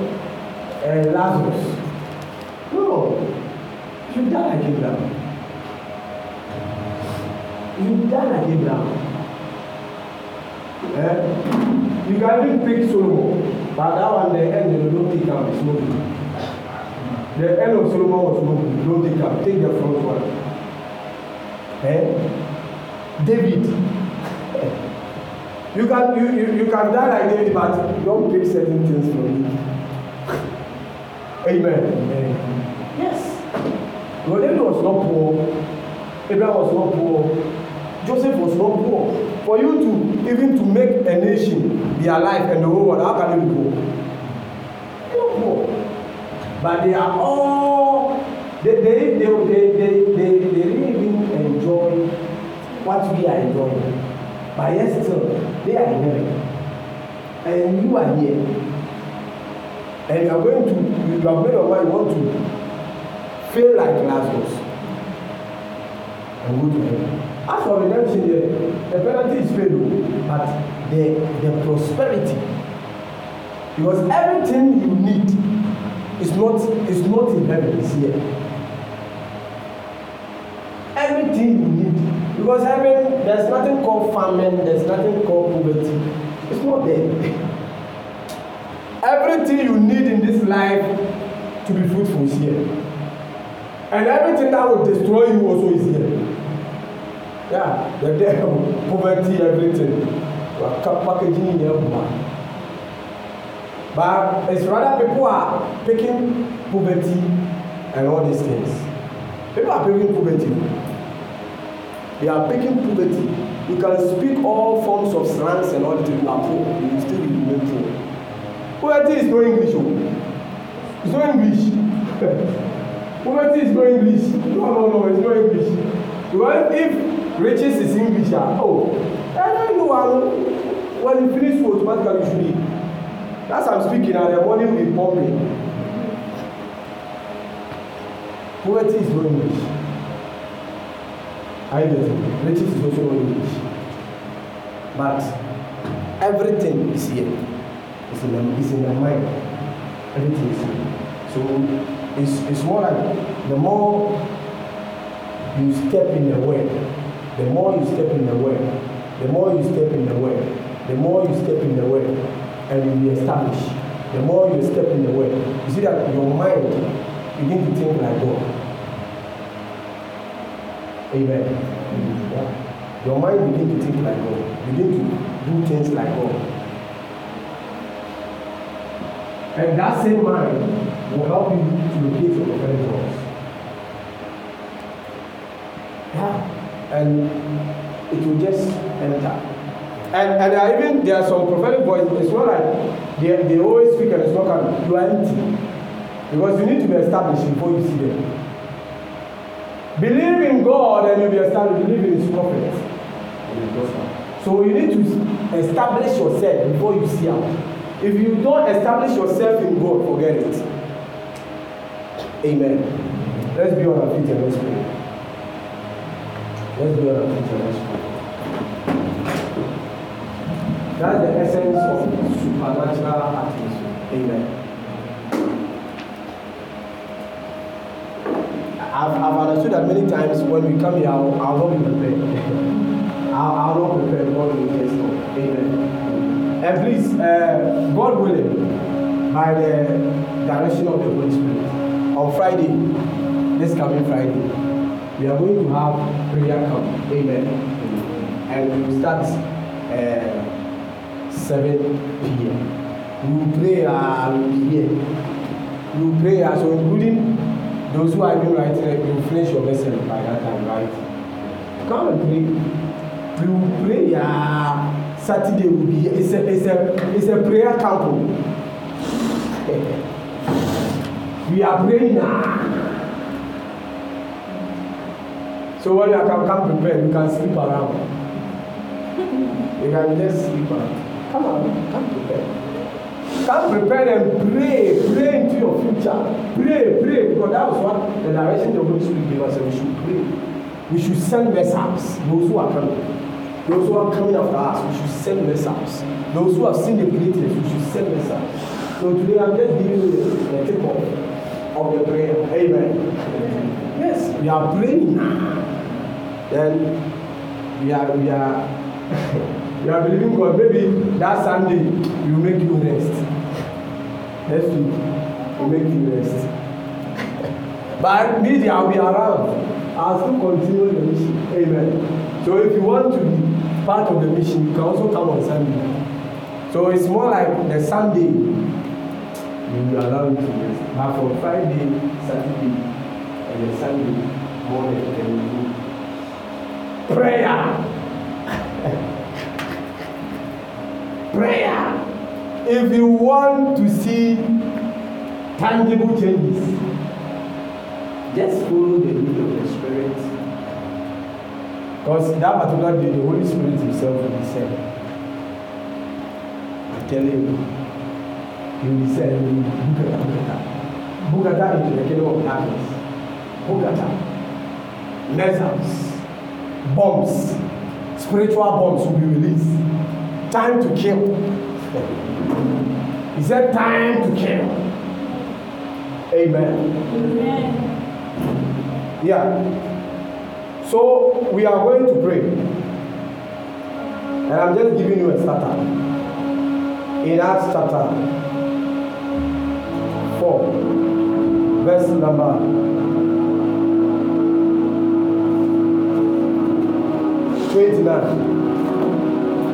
eh, Lazarus. No. You should die like Abraham. You die like Abraham. Eh? You can even pick Solomon, but that one, the end, they don't pick up, it's no good. The end of Solomon was no good, don't take up, take the front one. Eh? David. You can you, you, you can die like David, but don't pay certain things for me. Amen. Amen. Yes. Well, David was not poor. Abraham was not poor. Joseph was not poor. For you to even to make a nation be alive and the whole world, how can you be poor? You're not poor. But they are all they they they they they, they what we are enjoying. But yet still, they are in heaven. And you are here. And you are going to, you are going to what you want to fail like Lazarus and go to heaven. As for redemption, the, the penalty is paid, but the, the prosperity, because everything you need is not, is not in heaven, it's here everything you need because heaven there's nothing called famine there's nothing called poverty it's not there everything you need in this life to be fruitful is here and everything that will destroy you also is here yeah the devil poverty everything you are packaging in your mind but it's rather people are picking poverty and all these things people are picking poverty. They are breaking poverty. You can speak all forms of slangs and all the things are poor. You will still remain poor. Poverty is no English. Oh. It's no English. poverty is no English. No, no, no, it's no English. Well, if riches is English, ah, oh, I don't know how. Ah, when you finish school, automatically you should be. As I'm speaking, and ah, the morning will be pumping. Poverty is no English. Identity. Relatives is also not English. But everything is here. It's in, the, it's in your mind. Everything is here. So it's, it's more like the more you step in the way, the more you step in the way, the more you step in the way, the more you step in the way, and you establish. The more you step in the way, you see that your mind begin to think like God. Amen. Your mind begin to think like God. Begin to do things like God. And that same mind will help you to locate your prophetic doors. Yeah. And it will just enter. And and I even there are some prophetic voices. It's not like they, they always speak and it's not coming. You are empty. Because you need to be established before you see them. Believe in God and you'll be established. Believe in His prophets. and So you need to establish yourself before you see out. If you don't establish yourself in God, forget it. Amen. Let's be on our feet and let's pray. Let's be on our feet and let's pray. That's the essence of supernatural attention. Amen. I've, I've understood that many times when we come here, I'll, I'll not be prepared. I'll, I'll not prepare God will yes Amen. And please, uh, God willing, by the direction of the Holy Spirit, on Friday, this coming Friday, we are going to have prayer come. Amen. And we will start uh, 7 p.m. We will pray, uh, we will pray, uh, so including Those who are doing right will finish your vessel by that time, right? Come and pray. We will pray. Yeah. Saturday will be it's a it's a it's a prayer couple. we are praying now. So when you can come prepare, you can sleep around. You can just sleep around. Come on, come prepare start prepared and pray pray into your future pray pray because that was what the direction the Holy Spirit gave us and we should pray we should send messages those who are coming those who are coming after us we should send messages those who have seen the greatness we should send messages so today I'm just giving you the, the tip of of the prayer amen yes we are praying then we are we are. you are believing God, maybe that Sunday you make you rest. Next week, we'll make you rest. but media, I'll be around. I'll still continue the mission. Amen. So if you want to be part of the mission, you can also come on Sunday. So it's more like the Sunday you allow you to rest. But from Friday, Saturday, and the Sunday morning, then we do prayer. prayer if you want to see tangible changes, just follow the lead of the Spirit. Because that particular day, the Holy Spirit Himself will descend. I tell you, He will descend in Bukata, Bukata. Bukata into the kingdom of darkness. Bukata. Lessons. Bombs. Spiritual bombs will be released. Time to kill. He said, Time to kill. Amen. Amen. Yeah. So we are going to pray. And I'm just giving you a starter. In Acts chapter 4, verse number 29.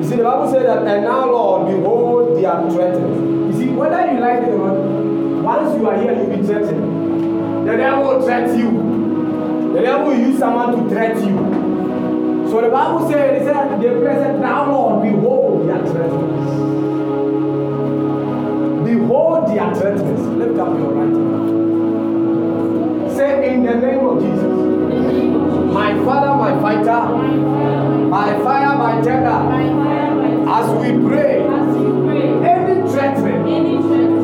You see, the Bible said that, and now, Lord, behold the threatened. You see, whether you like it or not, once you are here, you'll be threatened. The devil will threat you. The devil will use someone to threat you. So the Bible said, it said, the present now, Lord, behold their threatened. Behold their threatened. Lift up your right hand. Say, in the name of Jesus. My Father, my fighter, my fire, my tender. As we pray, any threat,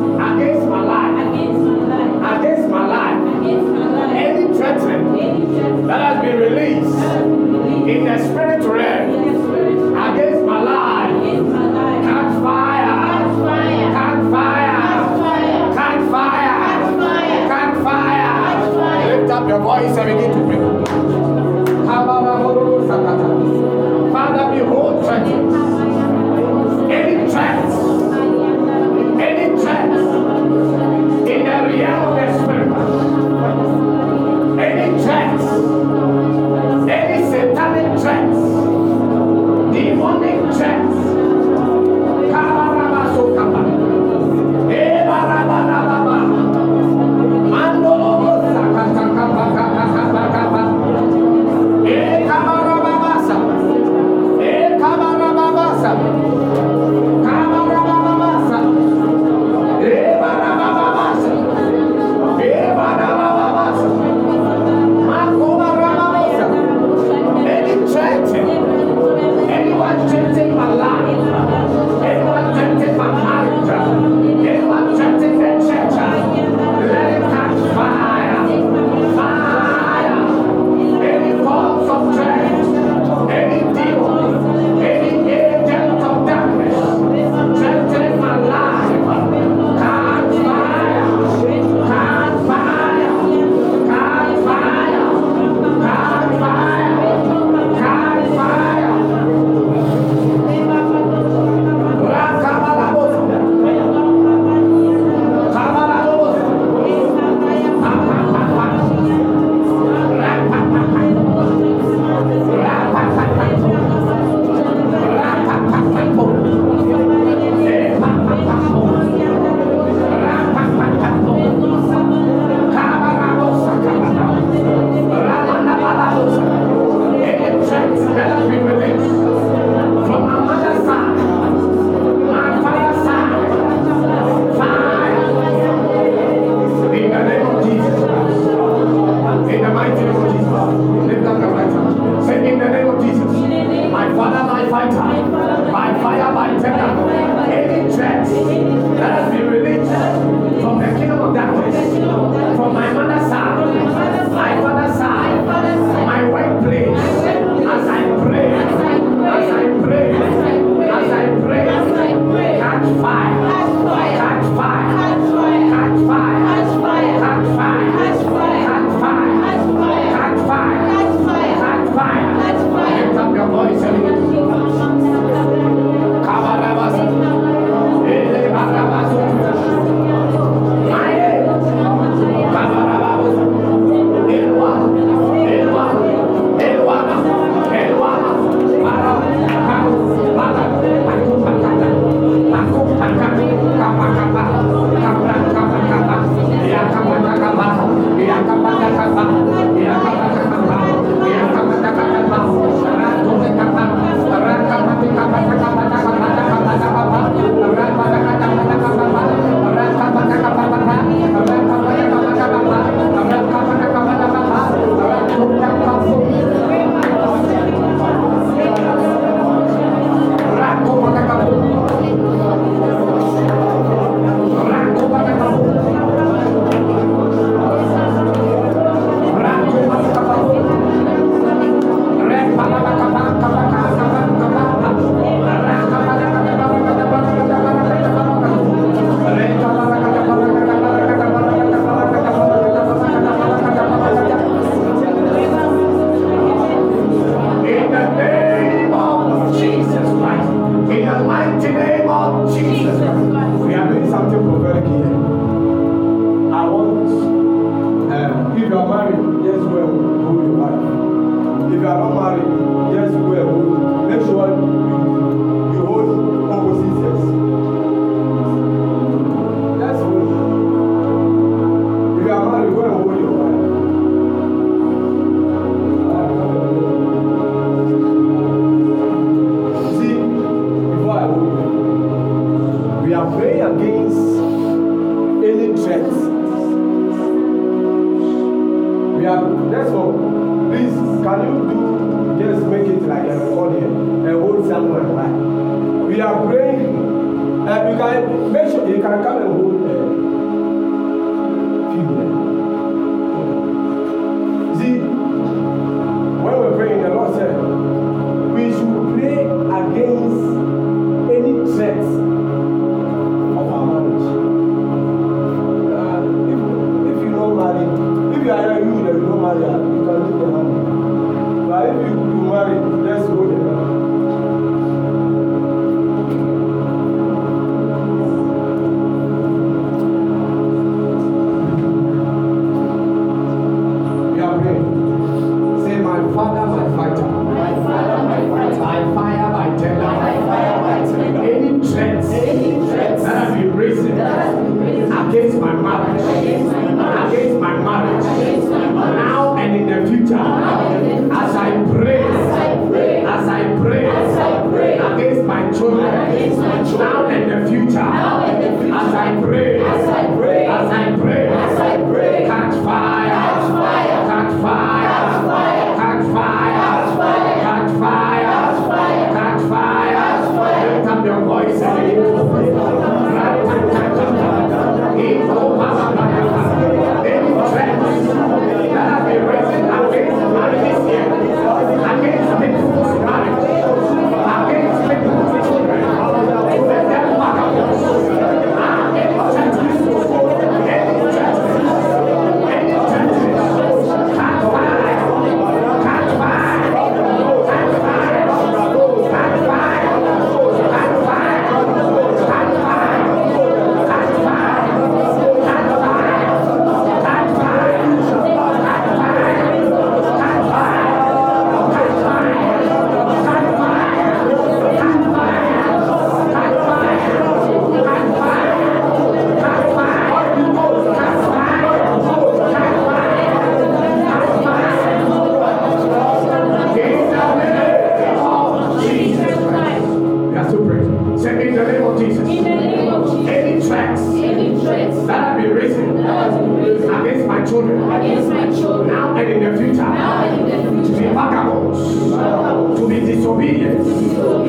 children, against my children, now and in the future, now and in the future, to be vagabonds, to be disobedient. To be disobedient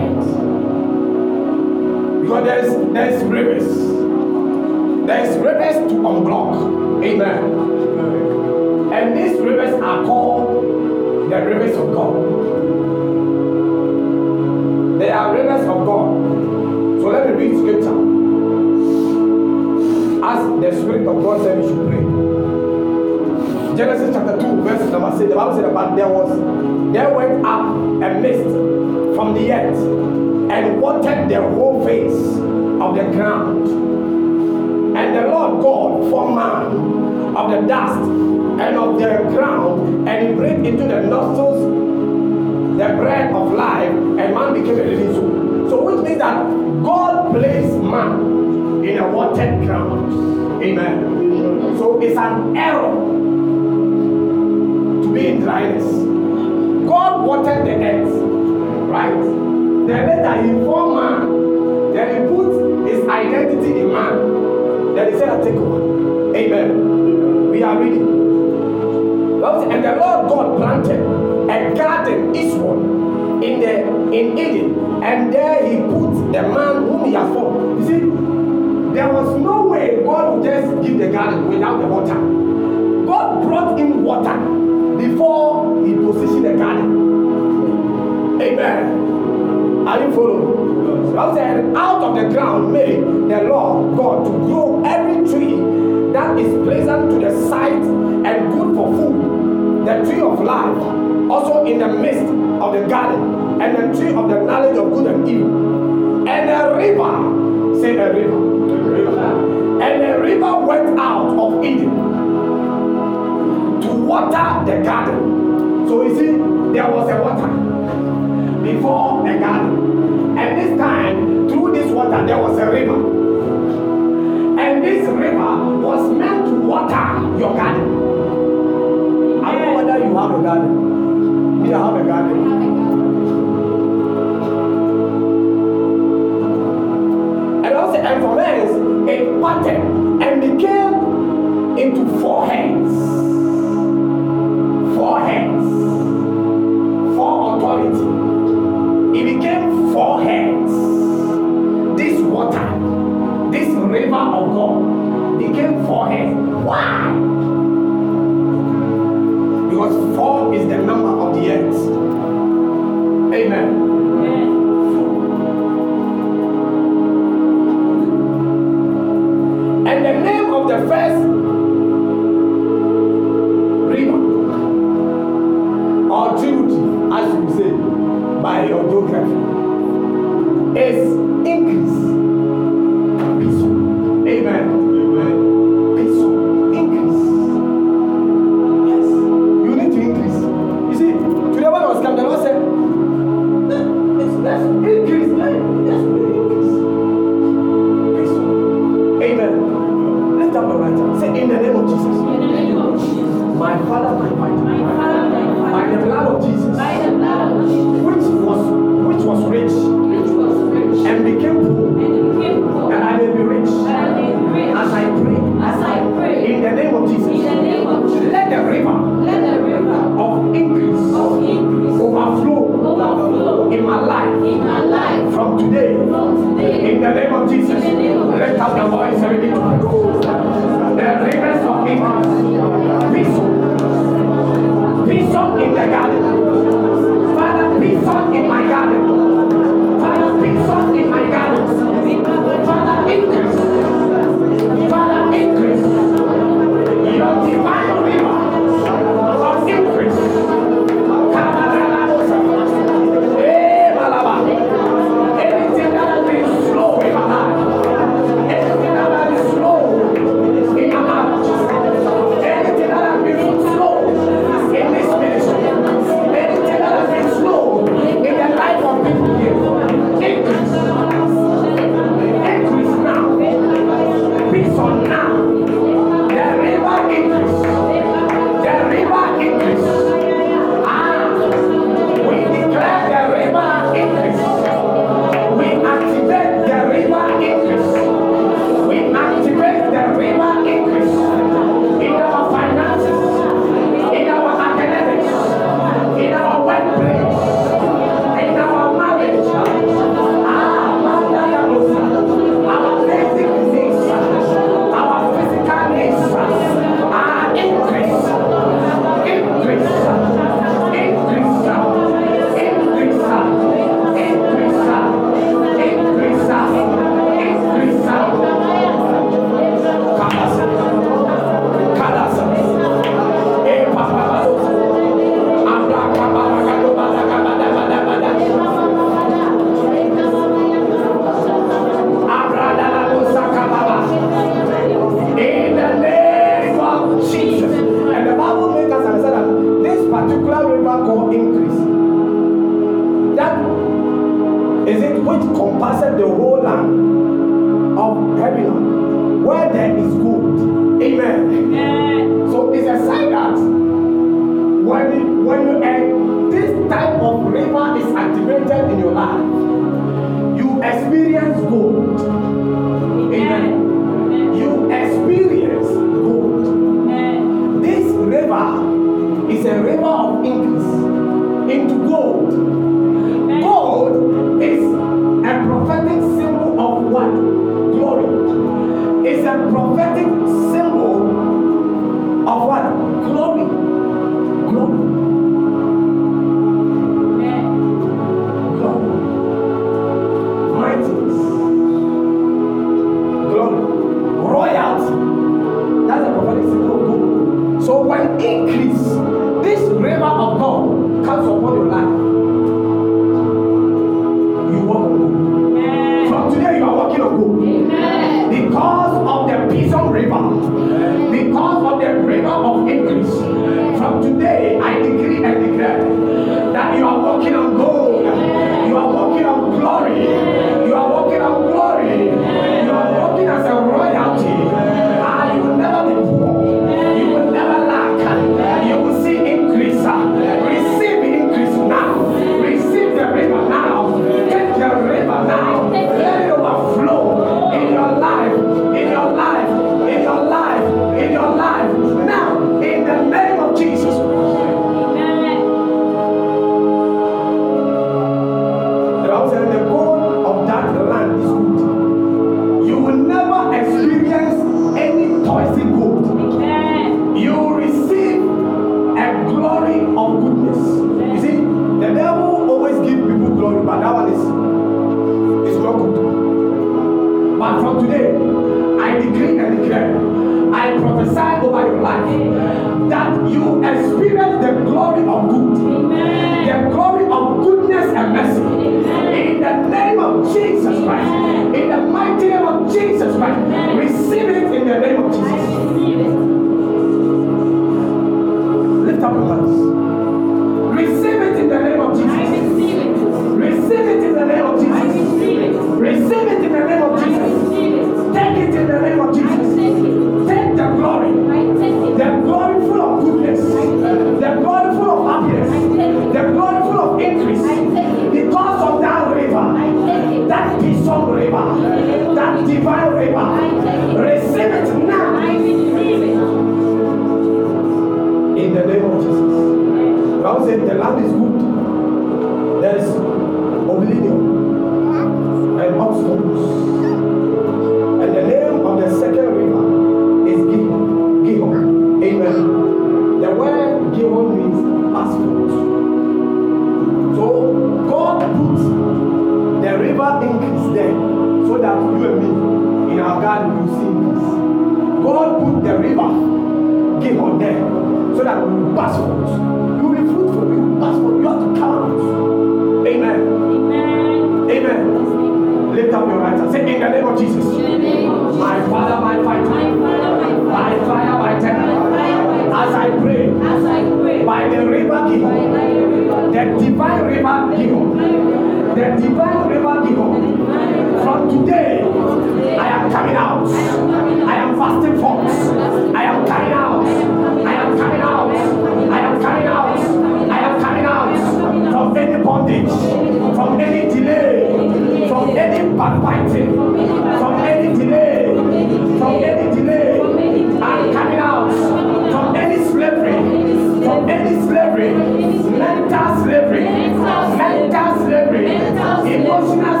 Deus na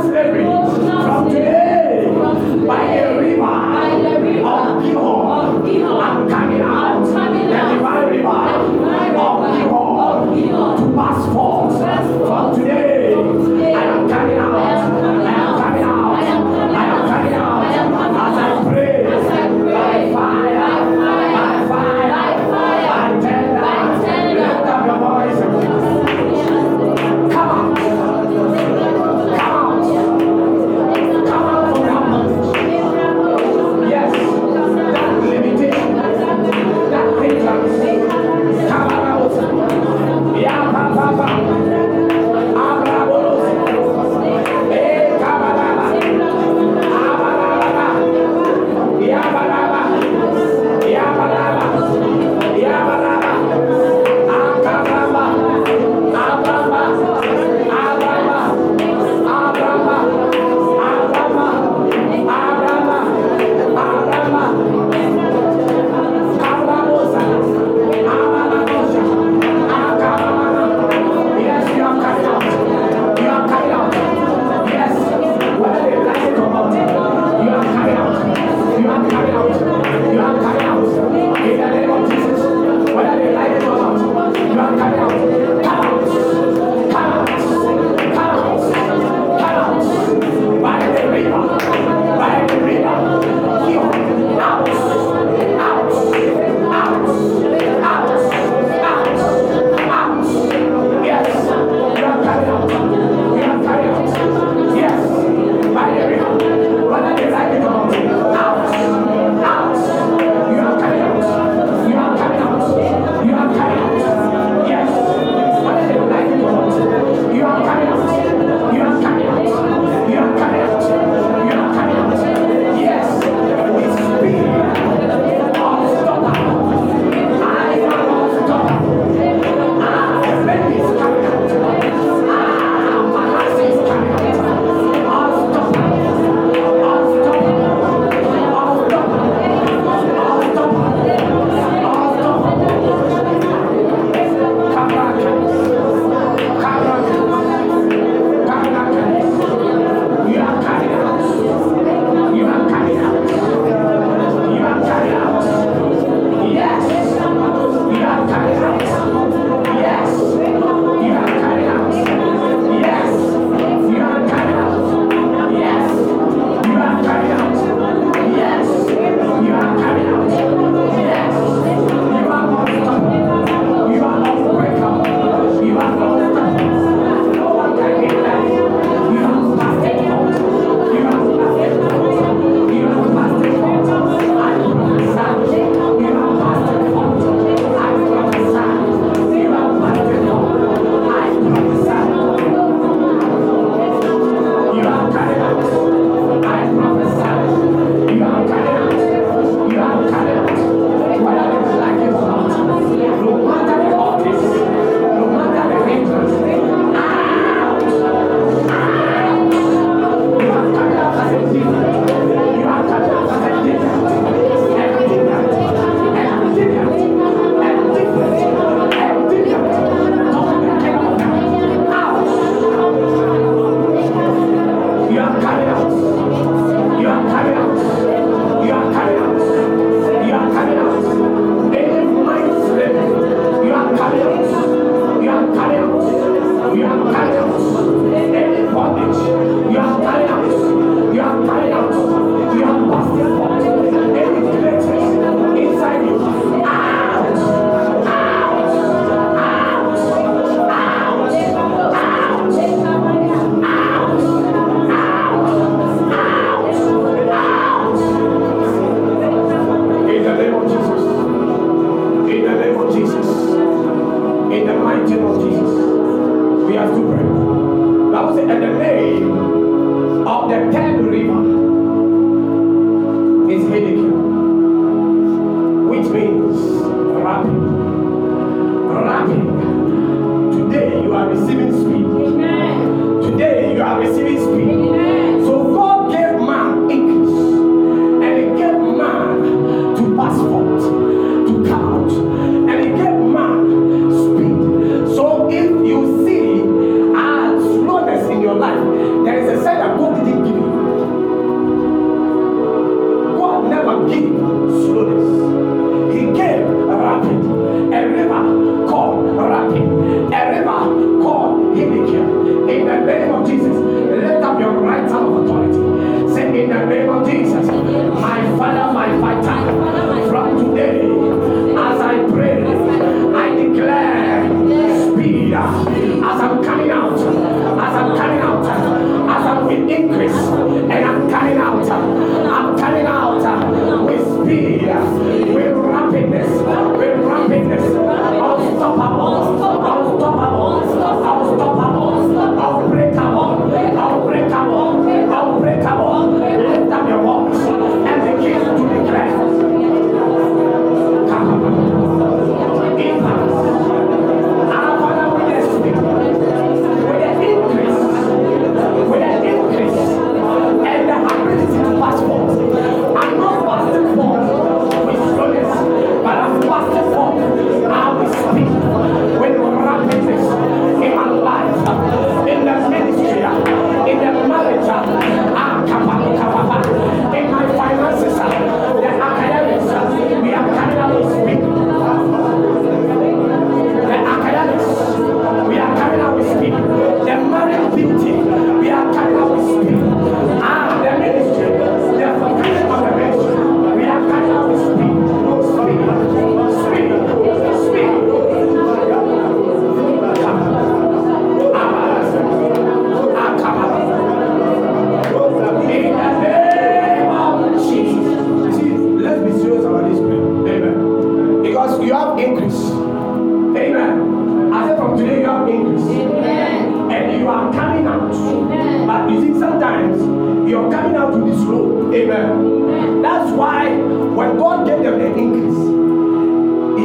coming out to this road. Amen. That's why when God gave them the increase,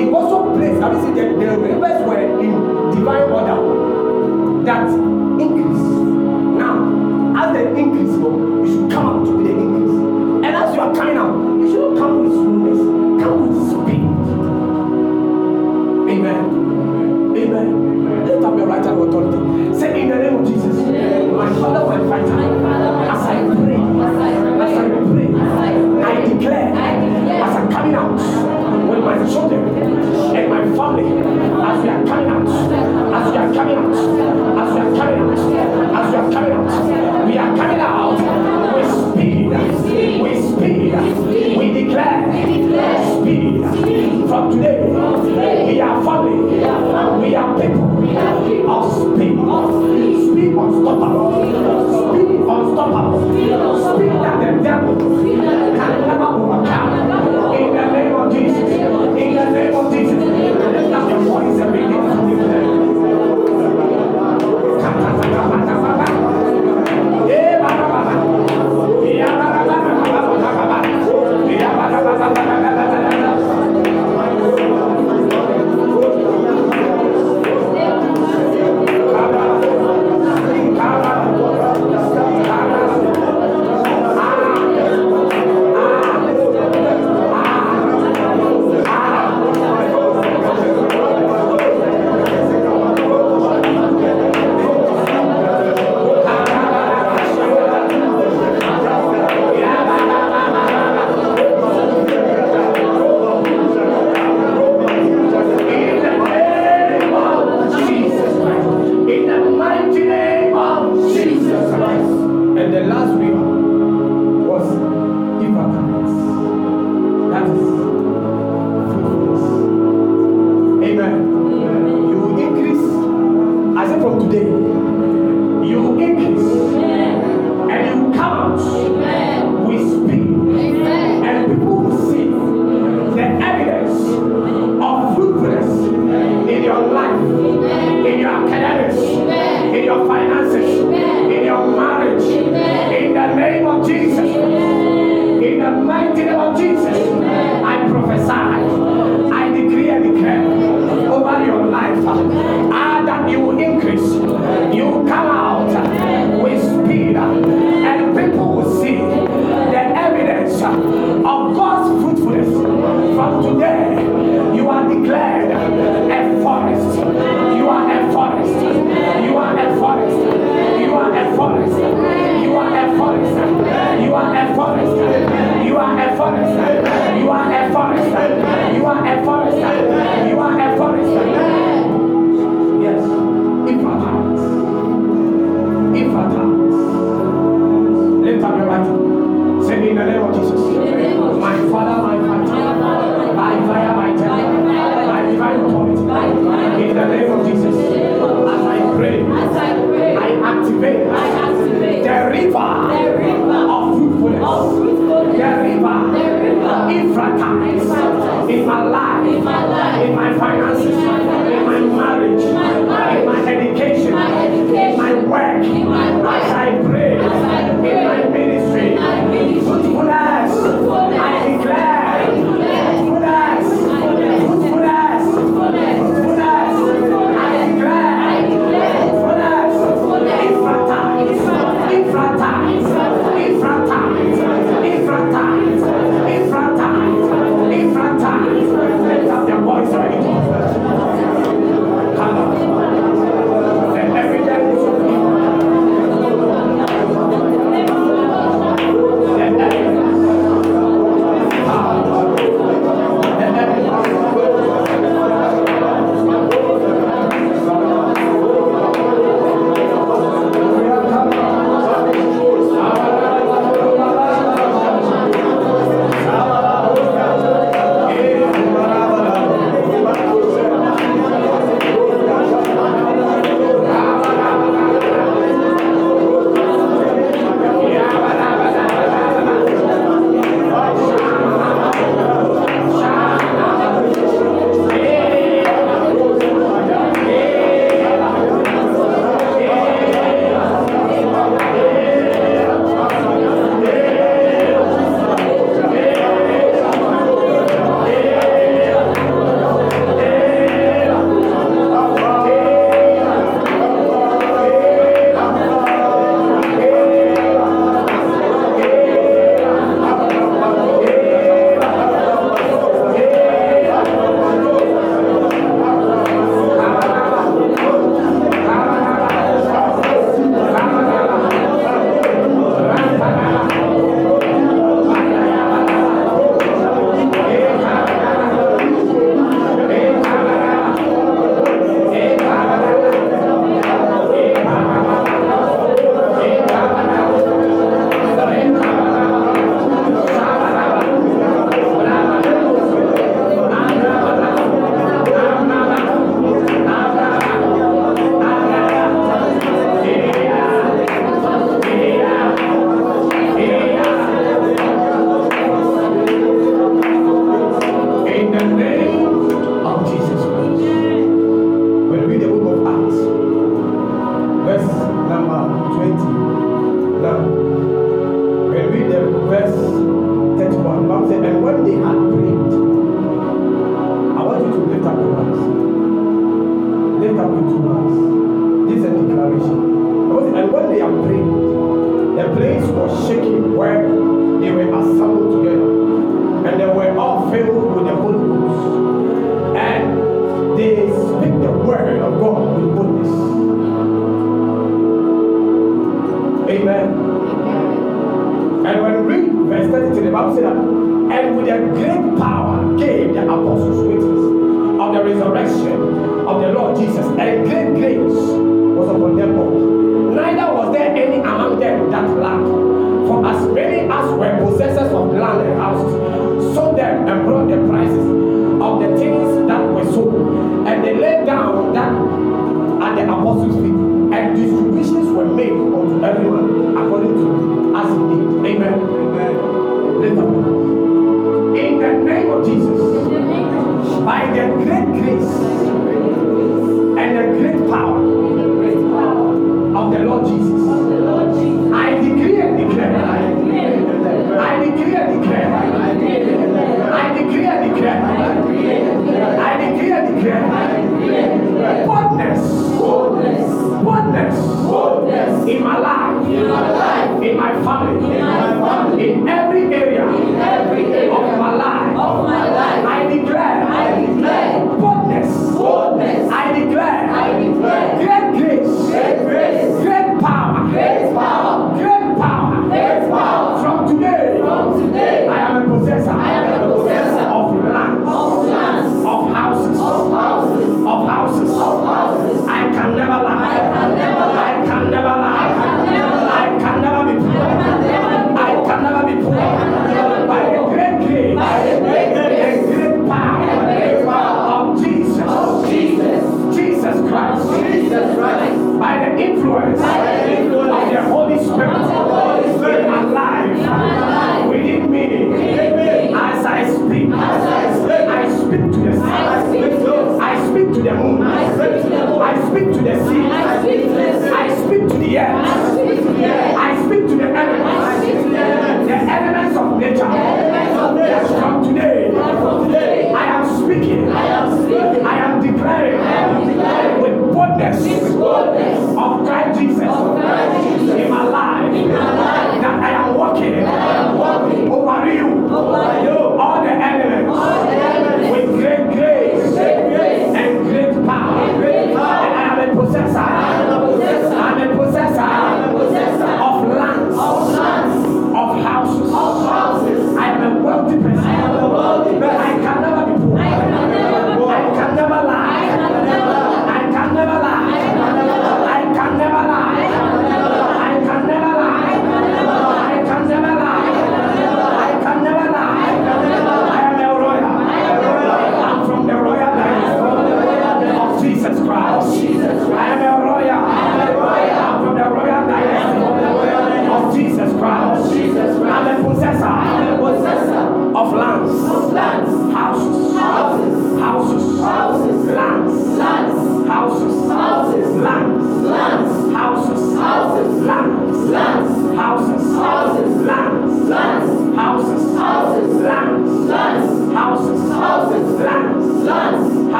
He also placed, I mean, see, the, the rivers were in divine order. That increase. Now, as the increase goes, you should come out with the increase. And as you are coming out, you should not come with slowness, come with speed. Amen. Amen. Amen. Lift up your right hand authority. Say in the name of Jesus. My Father. We are family. We are people. Of speed. Speed unstoppable. Speed unstoppable. laid down that at the apostles' feet, and distributions were made unto everyone according to as it did. Amen. Amen. In the name of Jesus, by the great grace.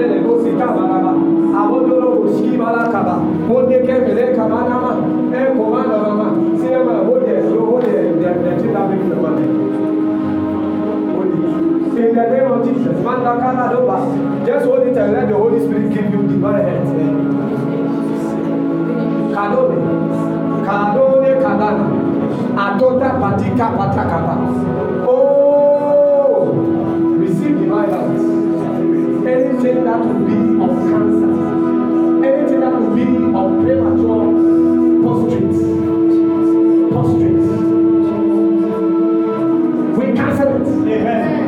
mele kosika balaba abodolo kosiki balakaba modeke mele kabanama ekomanamama siyema wode wode detinabikemane in the name of Jesus, Mandakana Doba, just hold it and let the Holy Spirit give you divine health. Kadone, Kadone Kadana, Adota Patika Patakapa. anything that will be of cancer, anything that will be of premature prostrates, prostrates. We cancel it. Amen.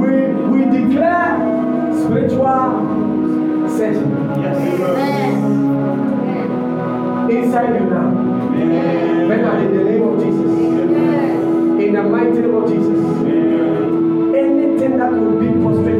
We we declare spiritual session. Yes. Amen. Inside you now. Amen. Remember in the name of Jesus. Amen. In the mighty name of Jesus. Amen. Anything that will be prostrated.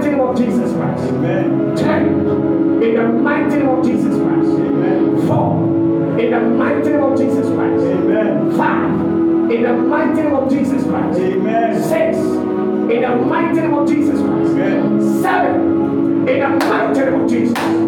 mighty name of Jesus Christ. Amen. Ten, in the mighty name of Jesus Christ. Amen. Four, in the mighty name of Jesus Christ. Amen. Five, in the mighty name of Jesus Christ. Amen. Six, in the mighty name of Jesus Christ. Amen. Seven, in the mighty name of Jesus.